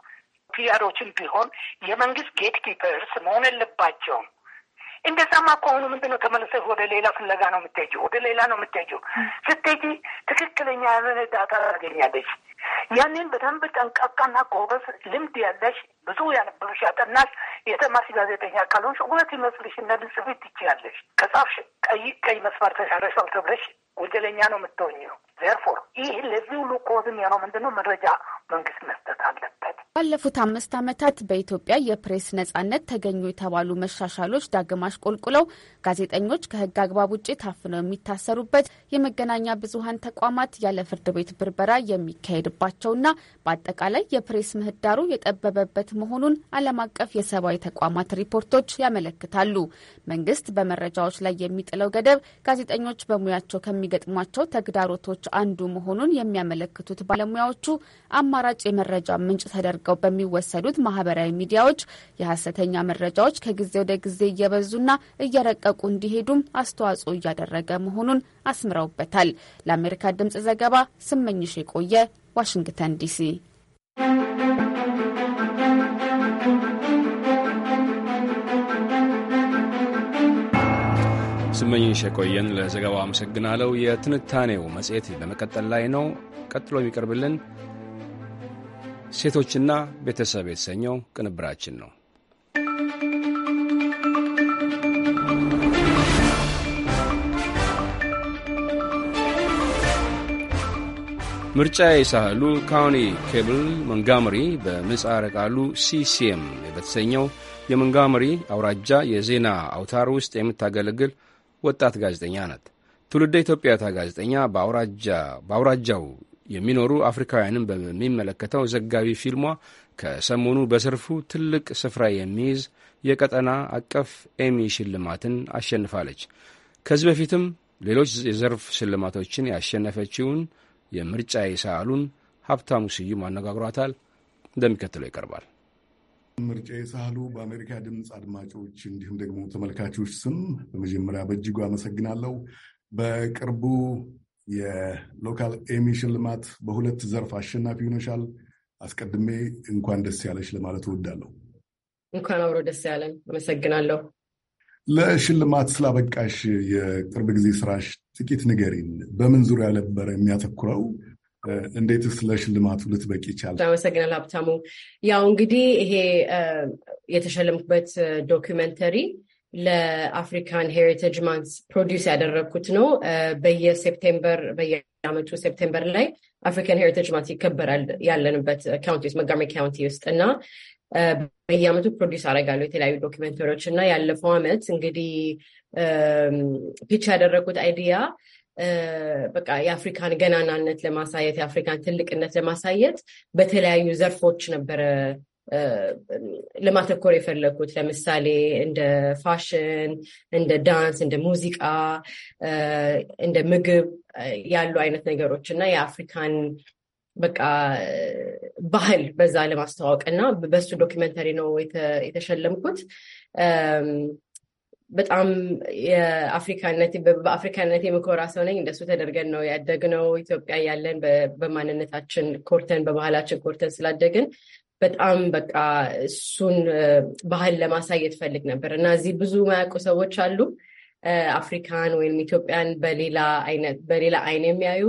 ፒአሮችን ቢሆን የመንግስት ጌት ኪፐርስ መሆን የለባቸውም። እንደዛማ ከሆኑ ምንድን ነው ተመልሰሽ ወደ ሌላ ፍለጋ ነው የምትሄጂው፣ ወደ ሌላ ነው የምትሄጂው። ስትሄጂ ትክክለኛ ያለን ዳታ ታገኛለች። ያንን በደንብ ጠንቀቃና ጎበዝ ልምድ ያለሽ ብዙ ያነበብሽ ያጠናሽ የተማርሽ ጋዜጠኛ ካልሆንሽ እውነት ይመስልሽ እና ልጽፊ ትችያለሽ። ከጻፍሽ ቀይ ቀይ መስመር ተሻረሻል ተብለሽ ወንጀለኛ ነው የምትሆኝው። ዘርፎር ይህ ለዚህ ሁሉ ኮዝ የሚሆነው ምንድን ነው መረጃ መንግስት መስጠት አለበት። ባለፉት አምስት ዓመታት በኢትዮጵያ የፕሬስ ነጻነት ተገኙ የተባሉ መሻሻሎች ዳግም አሽቆልቁለው ጋዜጠኞች ከህግ አግባብ ውጭ ታፍነው የሚታሰሩበት የመገናኛ ብዙሀን ተቋማት ያለ ፍርድ ቤት ብርበራ የሚካሄድባቸውና በአጠቃላይ የፕሬስ ምህዳሩ የጠበበበት መሆኑን ዓለም አቀፍ የሰብአዊ ተቋማት ሪፖርቶች ያመለክታሉ። መንግስት በመረጃዎች ላይ የሚጥለው ገደብ ጋዜጠኞች በሙያቸው ከሚገጥሟቸው ተግዳሮቶች አንዱ መሆኑን የሚያመለክቱት ባለሙያዎቹ አማ አማራጭ የመረጃ ምንጭ ተደርገው በሚወሰዱት ማህበራዊ ሚዲያዎች የሀሰተኛ መረጃዎች ከጊዜ ወደ ጊዜ እየበዙና እየረቀቁ እንዲሄዱም አስተዋጽኦ እያደረገ መሆኑን አስምረውበታል። ለአሜሪካ ድምጽ ዘገባ ስመኝሽ የቆየ ዋሽንግተን ዲሲ። ስመኝሽ የቆየን ለዘገባው አመሰግናለሁ። የትንታኔው መጽሔት በመቀጠል ላይ ነው። ቀጥሎ የሚቀርብልን ሴቶችና ቤተሰብ የተሰኘው ቅንብራችን ነው። ምርጫ የሳህሉ ካውኒ ኬብል መንጋመሪ በምጻረ ቃሉ ሲሲኤም በተሰኘው የመንጋመሪ አውራጃ የዜና አውታር ውስጥ የምታገለግል ወጣት ጋዜጠኛ ናት። ትውልደ ኢትዮጵያዊቷ ጋዜጠኛ በአውራጃው የሚኖሩ አፍሪካውያንን በሚመለከተው ዘጋቢ ፊልሟ ከሰሞኑ በሰርፉ ትልቅ ስፍራ የሚይዝ የቀጠና አቀፍ ኤሚ ሽልማትን አሸንፋለች። ከዚህ በፊትም ሌሎች የዘርፍ ሽልማቶችን ያሸነፈችውን የምርጫዬ ሳህሉን ሀብታሙ ስዩም አነጋግሯታል። እንደሚከተለው ይቀርባል። ምርጫ የሳህሉ በአሜሪካ ድምፅ አድማጮች እንዲሁም ደግሞ ተመልካቾች ስም በመጀመሪያ በእጅጉ አመሰግናለሁ። በቅርቡ የሎካል ኤሚ ሽልማት በሁለት ዘርፍ አሸናፊ ይሆነሻል። አስቀድሜ እንኳን ደስ ያለሽ ለማለት እወዳለሁ። እንኳን አብሮ ደስ ያለን። አመሰግናለሁ። ለሽልማት ስላበቃሽ የቅርብ ጊዜ ስራሽ ጥቂት ንገሪን። በምን ዙሪያ ነበረ የሚያተኩረው? እንዴትስ ለሽልማቱ ልትበቂ ይቻላል? አመሰግናለሁ ሀብታሙ። ያው እንግዲህ ይሄ የተሸለምኩበት ዶኪመንተሪ ለአፍሪካን ሄሪቴጅ ማንስ ፕሮዲውስ ያደረግኩት ነው። በየሴፕቴምበር በየአመቱ ሴፕቴምበር ላይ አፍሪካን ሄሪቴጅ ማንስ ይከበራል ያለንበት ካውንቲ ውስጥ መጋሚ ካውንቲ ውስጥ እና በየአመቱ ፕሮዲውስ አደርጋለሁ የተለያዩ ዶኪመንተሪዎች እና ያለፈው አመት እንግዲህ ፒች ያደረግኩት አይዲያ በቃ የአፍሪካን ገናናነት ለማሳየት የአፍሪካን ትልቅነት ለማሳየት በተለያዩ ዘርፎች ነበረ ለማተኮር የፈለግኩት ለምሳሌ እንደ ፋሽን፣ እንደ ዳንስ፣ እንደ ሙዚቃ፣ እንደ ምግብ ያሉ አይነት ነገሮች እና የአፍሪካን በቃ ባህል በዛ ለማስተዋወቅ እና በሱ ዶኪመንተሪ ነው የተሸለምኩት። በጣም በአፍሪካነት የምኮራ ሰው ነኝ። እንደሱ ተደርገን ነው ያደግነው። ኢትዮጵያ ያለን በማንነታችን ኮርተን፣ በባህላችን ኮርተን ስላደግን በጣም በቃ እሱን ባህል ለማሳየት ፈልግ ነበር እና እዚህ ብዙ ማያውቁ ሰዎች አሉ አፍሪካን ወይም ኢትዮጵያን በሌላ አይነት በሌላ አይን የሚያዩ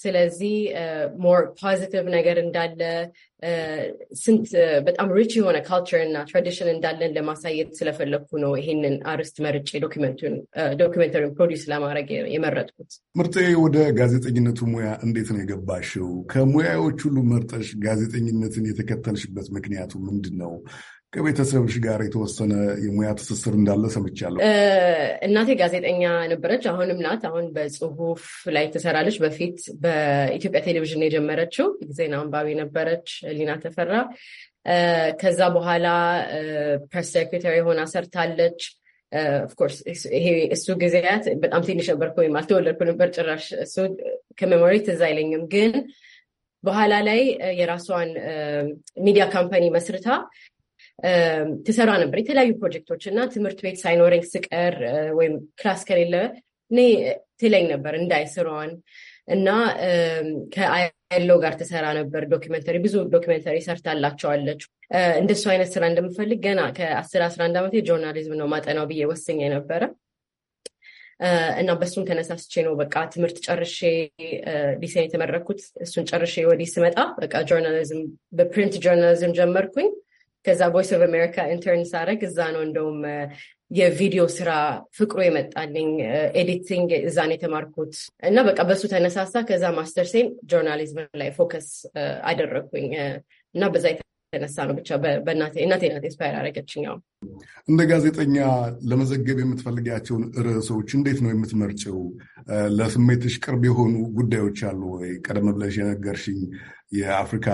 ስለዚህ ሞር ፖዚቲቭ ነገር እንዳለ ስንት በጣም ሪች የሆነ ካልቸር እና ትራዲሽን እንዳለን ለማሳየት ስለፈለግኩ ነው ይሄንን አርስት መርጬ ዶኪመንተሪን ፕሮዲስ ለማድረግ የመረጥኩት። ምርጤ፣ ወደ ጋዜጠኝነቱ ሙያ እንዴት ነው የገባሽው? ከሙያዎች ሁሉ መርጠሽ ጋዜጠኝነትን የተከተልሽበት ምክንያቱ ምንድን ነው? ከቤተሰብሽ ጋር የተወሰነ የሙያ ትስስር እንዳለ ሰምቻለሁ። እናቴ ጋዜጠኛ ነበረች፣ አሁንም ናት። አሁን በጽሁፍ ላይ ትሰራለች። በፊት በኢትዮጵያ ቴሌቪዥን የጀመረችው ዜና አንባቢ ነበረች፣ ሊና ተፈራ። ከዛ በኋላ ፕሬስ ሴክሬታሪ ሆና ሰርታለች። ኦፍኮርስ ይሄ እሱ ጊዜያት በጣም ትንሽ ነበርኩ ወይም አልተወለድኩ ነበር ጭራሽ። እሱ ከሜሞሪ ትዝ አይለኝም ግን በኋላ ላይ የራሷን ሚዲያ ካምፓኒ መስርታ ትሰራ ነበር። የተለያዩ ፕሮጀክቶች እና ትምህርት ቤት ሳይኖረኝ ስቀር ወይም ክላስ ከሌለ እኔ ትለኝ ነበር እንዳይ ስራዋን እና ከአያለው ጋር ትሰራ ነበር። ዶኪመንተሪ ብዙ ዶኪመንተሪ ሰርታላቸዋለች። እንደሱ አይነት ስራ እንደምፈልግ ገና ከአስር አስራ አንድ ዓመት ጆርናሊዝም ነው ማጠናው ብዬ ወስኜ ነበረ እና በሱም ተነሳስቼ ነው በቃ ትምህርት ጨርሼ ዲሴን የተመረኩት። እሱን ጨርሼ ወዲህ ስመጣ በቃ ጆርናሊዝም በፕሪንት ጆርናሊዝም ጀመርኩኝ። ከዛ ቮይስ ኦፍ አሜሪካ ኢንተርን ሳደርግ እዛ ነው እንደውም የቪዲዮ ስራ ፍቅሩ የመጣልኝ ኤዲቲንግ እዛን የተማርኩት እና በቃ በሱ ተነሳሳ። ከዛ ማስተርሴን ጆርናሊዝም ላይ ፎከስ አደረግኩኝ እና በዛ የተነሳ ነው ብቻ በእናቴ እናቴ ናት ኢንስፓየር አደረገችኝ ያው እንደ ጋዜጠኛ ለመዘገብ የምትፈልጊያቸውን ርዕሶች እንዴት ነው የምትመርጭው? ለስሜትሽ ቅርብ የሆኑ ጉዳዮች አሉ ወይ? ቀደም ብለሽ የነገርሽኝ የአፍሪካ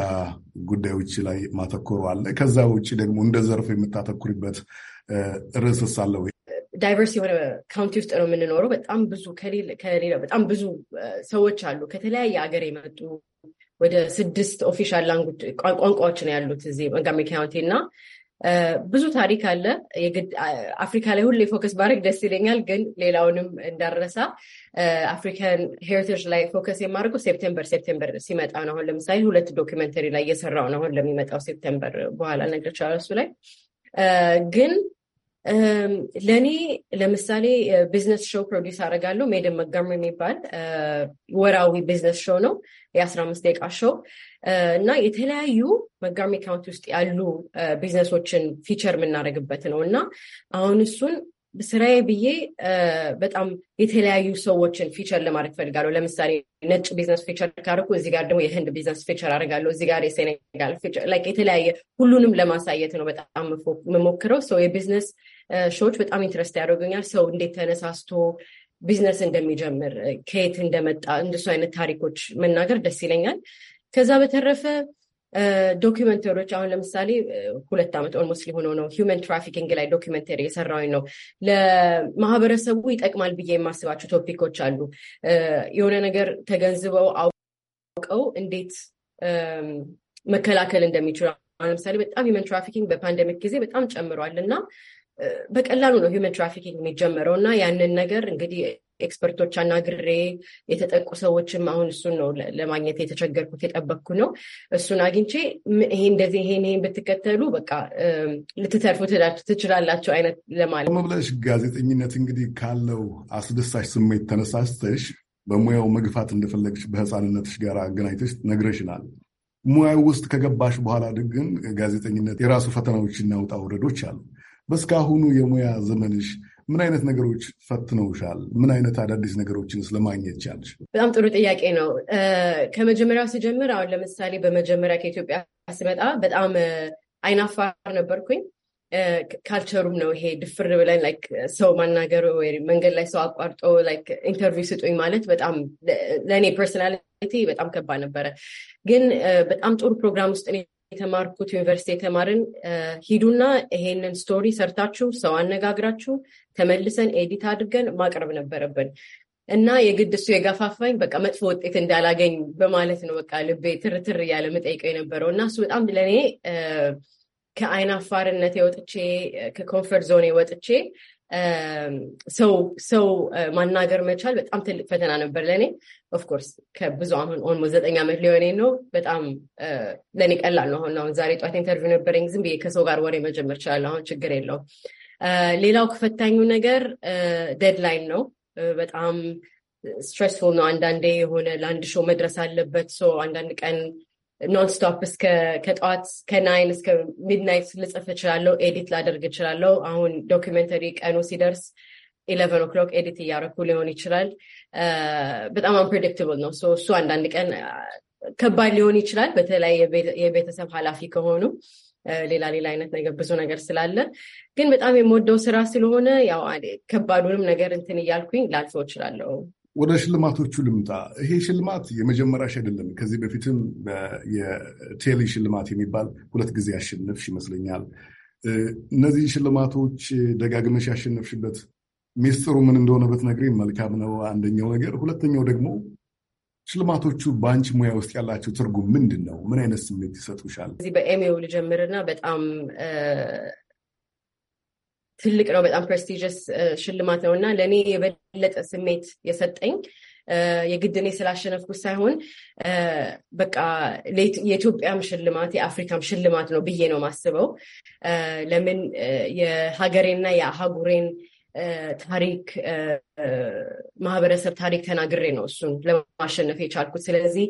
ጉዳዮች ላይ ማተኮሩ አለ። ከዛ ውጭ ደግሞ እንደ ዘርፍ የምታተኩሪበት ርዕስስ አለ ወይ? ዳይቨርስ የሆነ ካውንቲ ውስጥ ነው የምንኖረው። በጣም ብዙ ከሌላ በጣም ብዙ ሰዎች አሉ ከተለያየ ሀገር የመጡ ወደ ስድስት ኦፊሻል ላንጉጅ ቋንቋዎች ነው ያሉት እዚህ መጋሚ ካውንቲ እና ብዙ ታሪክ አለ። አፍሪካ ላይ ሁሌ ፎከስ ባድረግ ደስ ይለኛል፣ ግን ሌላውንም እንዳረሳ አፍሪካን ሄሪቴጅ ላይ ፎከስ የማደርገው ሴፕቴምበር ሴፕቴምበር ሲመጣ ነው። አሁን ለምሳሌ ሁለት ዶኪመንተሪ ላይ እየሰራው ነው። አሁን ለሚመጣው ሴፕቴምበር በኋላ እነግራችኋለሁ እሱ ላይ ግን ለእኔ ለምሳሌ ቢዝነስ ሾው ፕሮዲስ አደርጋለሁ። ሜድን መጋምር የሚባል ወራዊ ቢዝነስ ሾው ነው። የአስራ አምስት ደቂቃ ሾው እና የተለያዩ መጋሚ ካውንቲ ውስጥ ያሉ ቢዝነሶችን ፊቸር የምናደርግበት ነው እና አሁን እሱን ስራዬ ብዬ በጣም የተለያዩ ሰዎችን ፊቸር ለማድረግ ፈልጋለሁ። ለምሳሌ ነጭ ቢዝነስ ፊቸር ካደረኩ እዚህ ጋር ደግሞ የህንድ ቢዝነስ ፊቸር አደርጋለሁ። እዚህ ጋር የሴኔጋል ፊቸር ላይክ የተለያየ ሁሉንም ለማሳየት ነው በጣም የምሞክረው። ሰው የቢዝነስ ሾዎች በጣም ኢንትረስት ያደርጉኛል። ሰው እንዴት ተነሳስቶ ቢዝነስ እንደሚጀምር ከየት እንደመጣ እንደሱ አይነት ታሪኮች መናገር ደስ ይለኛል። ከዛ በተረፈ ዶኪመንተሪዎች አሁን ለምሳሌ ሁለት ዓመት ኦልሞስት ሊሆነው ነው ሂውመን ትራፊኪንግ ላይ ዶኪመንተሪ የሰራሁኝ ነው። ለማህበረሰቡ ይጠቅማል ብዬ የማስባቸው ቶፒኮች አሉ። የሆነ ነገር ተገንዝበው አውቀው እንዴት መከላከል እንደሚችሉ አሁን ለምሳሌ በጣም ሂውመን ትራፊኪንግ በፓንደሚክ ጊዜ በጣም ጨምሯል እና በቀላሉ ነው ሂውመን ትራፊኪንግ የሚጀመረው እና ያንን ነገር እንግዲህ ኤክስፐርቶች አናግሬ የተጠቁ ሰዎችም አሁን እሱን ነው ለማግኘት የተቸገርኩት የጠበቅኩ ነው። እሱን አግኝቼ ይሄ እንደዚህ ይሄን ይሄን ብትከተሉ በቃ ልትተርፉ ትችላላቸው አይነት ለማለት መብለሽ ጋዜጠኝነት እንግዲህ ካለው አስደሳች ስሜት ተነሳስተሽ በሙያው መግፋት እንደፈለግሽ በህፃንነትሽ ጋር አገናኝተሽ ነግረሽናል። ሙያው ውስጥ ከገባሽ በኋላ ግን ጋዜጠኝነት የራሱ ፈተናዎችና ውጣ ውረዶች አሉ። በስካሁኑ የሙያ ዘመንሽ ምን አይነት ነገሮች ፈትነውሻል? ምን አይነት አዳዲስ ነገሮችን ስለማግኘት ቻልሽ? በጣም ጥሩ ጥያቄ ነው። ከመጀመሪያው ሲጀምር አሁን ለምሳሌ በመጀመሪያ ከኢትዮጵያ ስመጣ በጣም አይናፋር ነበርኩኝ። ካልቸሩም ነው ይሄ ድፍር ብለን ላይክ ሰው ማናገር ወይ መንገድ ላይ ሰው አቋርጦ ላይክ ኢንተርቪው ስጡኝ ማለት በጣም ለእኔ ፐርሶናሊቲ በጣም ከባድ ነበረ። ግን በጣም ጥሩ ፕሮግራም ውስጥ የተማርኩት ዩኒቨርሲቲ የተማርን ሂዱና ይሄንን ስቶሪ ሰርታችሁ ሰው አነጋግራችሁ ተመልሰን ኤዲት አድርገን ማቅረብ ነበረብን እና የግድ እሱ የገፋፋኝ በቃ መጥፎ ውጤት እንዳላገኝ በማለት ነው። በቃ ልቤ ትርትር እያለ መጠይቀው የነበረው እና እሱ በጣም ለእኔ አፋርነት ወጥቼ ከኮንፈርት ዞን ወጥቼ ሰው um, ሰው uh, ማናገር መቻል በጣም ትልቅ ፈተና ነበር ለእኔ። ኦፍኮርስ ከብዙ አሁን ኦልሞስት ዘጠኝ ዓመት ሊሆኔ ነው። በጣም uh, ለእኔ ቀላል ነው። አሁን አሁን ዛሬ ጠዋት ኢንተርቪው ነበረኝ። ዝም ብዬ ከሰው ጋር ወሬ መጀመር እችላለሁ። አሁን ችግር የለው። uh, ሌላው ከፈታኙ ነገር ዴድላይን ነው። በጣም ስትሬስፉል ነው። አንዳንዴ የሆነ ለአንድ ሾው መድረስ አለበት ሰው አንዳንድ ቀን ኖንስቶፕ እስከ ከጠዋት ከናይን እስከ ሚድናይት ልጽፍ እችላለሁ፣ ኤዲት ላደርግ እችላለሁ። አሁን ዶኪመንተሪ ቀኑ ሲደርስ ኢለቨን ኦክሎክ ኤዲት እያደረኩ ሊሆን ይችላል። በጣም አንፕሬዲክትብል ነው እሱ አንዳንድ ቀን ከባድ ሊሆን ይችላል። በተለይ የቤተሰብ ኃላፊ ከሆኑ ሌላ ሌላ አይነት ነገር ብዙ ነገር ስላለ ግን በጣም የምወደው ስራ ስለሆነ ያው ከባዱንም ነገር እንትን እያልኩኝ ላልፈው እችላለሁ። ወደ ሽልማቶቹ ልምጣ። ይሄ ሽልማት የመጀመሪያሽ አይደለም። ከዚህ በፊትም የቴሊ ሽልማት የሚባል ሁለት ጊዜ ያሸነፍሽ ይመስለኛል። እነዚህ ሽልማቶች ደጋግመሽ ያሸነፍሽበት ሚስጥሩ ምን እንደሆነ ብትነግሪኝ መልካም ነው። አንደኛው ነገር፣ ሁለተኛው ደግሞ ሽልማቶቹ በአንቺ ሙያ ውስጥ ያላቸው ትርጉም ምንድን ነው? ምን አይነት ስሜት ይሰጡሻል? እዚህ በኤሜው ልጀምርና በጣም ትልቅ ነው። በጣም ፕሬስቲጅስ ሽልማት ነው እና ለእኔ የበለጠ ስሜት የሰጠኝ የግድ እኔ ሳይሆን በቃ የኢትዮጵያም ሽልማት የአፍሪካም ሽልማት ነው ብዬ ነው የማስበው። ለምን የሀገሬና የአህጉሬን ታሪክ ማህበረሰብ ታሪክ ተናግሬ ነው እሱን ለማሸነፍ የቻልኩት። ስለዚህ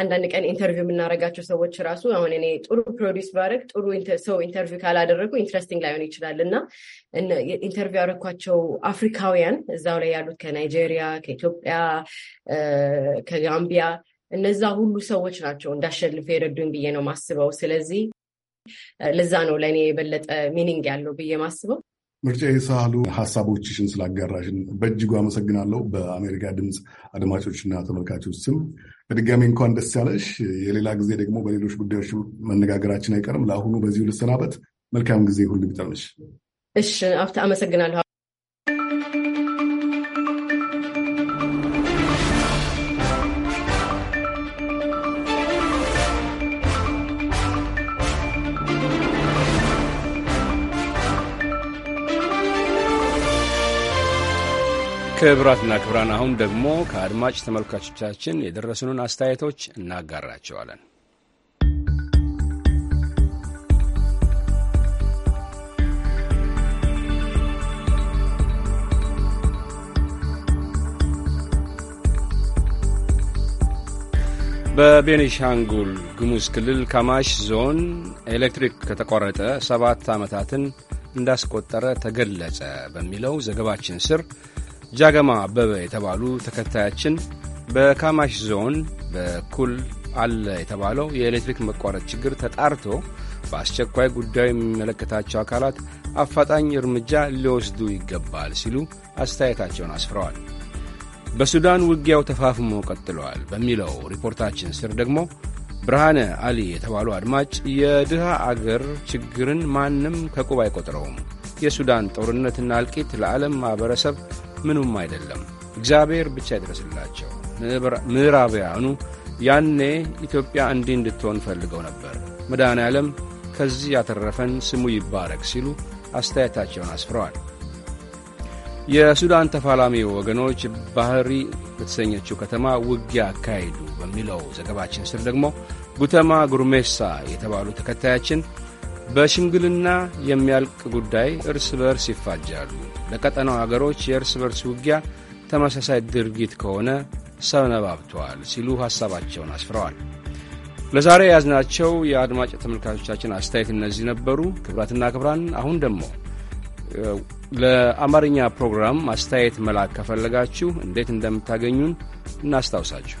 አንዳንድ ቀን ኢንተርቪው የምናደርጋቸው ሰዎች ራሱ አሁን እኔ ጥሩ ፕሮዲስ ባደረግ ጥሩ ሰው ኢንተርቪው ካላደረጉ ኢንትረስቲንግ ላይሆን ይችላል እና ኢንተርቪው ያደረኳቸው አፍሪካውያን እዛው ላይ ያሉት ከናይጄሪያ፣ ከኢትዮጵያ፣ ከጋምቢያ እነዛ ሁሉ ሰዎች ናቸው እንዳሸንፍ የረዱኝ ብዬ ነው ማስበው። ስለዚህ ለዛ ነው ለእኔ የበለጠ ሚኒንግ ያለው ብዬ ማስበው። ምርጫ የሳሉ ሀሳቦችሽን ስላጋራሽን በእጅጉ አመሰግናለሁ። በአሜሪካ ድምፅ አድማጮችና ተመልካቾች ስም በድጋሚ እንኳን ደስ ያለሽ። የሌላ ጊዜ ደግሞ በሌሎች ጉዳዮች መነጋገራችን አይቀርም። ለአሁኑ በዚሁ ልሰናበት። መልካም ጊዜ ሁሉ ይግጠምሽ። እሺ፣ አብታ አመሰግናለሁ። ክብራትና ክብራን አሁን ደግሞ ከአድማጭ ተመልካቾቻችን የደረሱንን አስተያየቶች እናጋራቸዋለን። በቤኒሻንጉል ጉሙዝ ክልል ካማሽ ዞን ኤሌክትሪክ ከተቋረጠ ሰባት ዓመታትን እንዳስቆጠረ ተገለጸ በሚለው ዘገባችን ስር ጃገማ አበበ የተባሉ ተከታያችን በካማሽ ዞን በኩል አለ የተባለው የኤሌክትሪክ መቋረጥ ችግር ተጣርቶ በአስቸኳይ ጉዳዩ የሚመለከታቸው አካላት አፋጣኝ እርምጃ ሊወስዱ ይገባል ሲሉ አስተያየታቸውን አስፍረዋል። በሱዳን ውጊያው ተፋፍሞ ቀጥለዋል በሚለው ሪፖርታችን ስር ደግሞ ብርሃነ አሊ የተባሉ አድማጭ የድሃ አገር ችግርን ማንም ከቁብ አይቆጥረውም፣ የሱዳን ጦርነትና እልቂት ለዓለም ማኅበረሰብ ምኑም አይደለም። እግዚአብሔር ብቻ ይድረስላቸው። ምዕራብያኑ ያኔ ኢትዮጵያ እንዲህ እንድትሆን ፈልገው ነበር። መድኃኔ ዓለም ከዚህ ያተረፈን ስሙ ይባረክ ሲሉ አስተያየታቸውን አስፍረዋል። የሱዳን ተፋላሚ ወገኖች ባህሪ በተሰኘችው ከተማ ውጊያ አካሄዱ በሚለው ዘገባችን ስር ደግሞ ጉተማ ጉርሜሳ የተባሉ ተከታያችን በሽምግልና የሚያልቅ ጉዳይ እርስ በርስ ይፋጃሉ። ለቀጠናው አገሮች የእርስ በርስ ውጊያ ተመሳሳይ ድርጊት ከሆነ ሰነባብተዋል ሲሉ ሐሳባቸውን አስፍረዋል። ለዛሬ የያዝናቸው የአድማጭ ተመልካቾቻችን አስተያየት እነዚህ ነበሩ። ክብራትና ክብራን አሁን ደግሞ ለአማርኛ ፕሮግራም አስተያየት መላክ ከፈለጋችሁ እንዴት እንደምታገኙን እናስታውሳችሁ።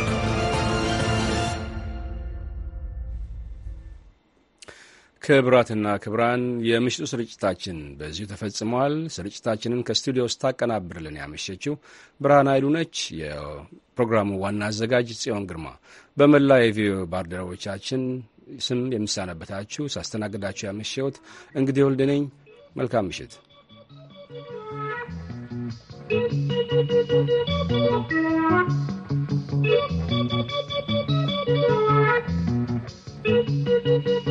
ክብራትና ክብራን የምሽቱ ስርጭታችን በዚሁ ተፈጽመዋል። ስርጭታችንን ከስቱዲዮ ውስጥ ታቀናብርልን ያመሸችው ብርሃን ኃይሉ ነች። የፕሮግራሙ ዋና አዘጋጅ ጽዮን ግርማ በመላ የቪዮ ባልደረቦቻችን ስም የምሳነበታችሁ ሳስተናግዳችሁ ያመሸሁት እንግዲህ ወልድ ነኝ። መልካም ምሽት። Thank you.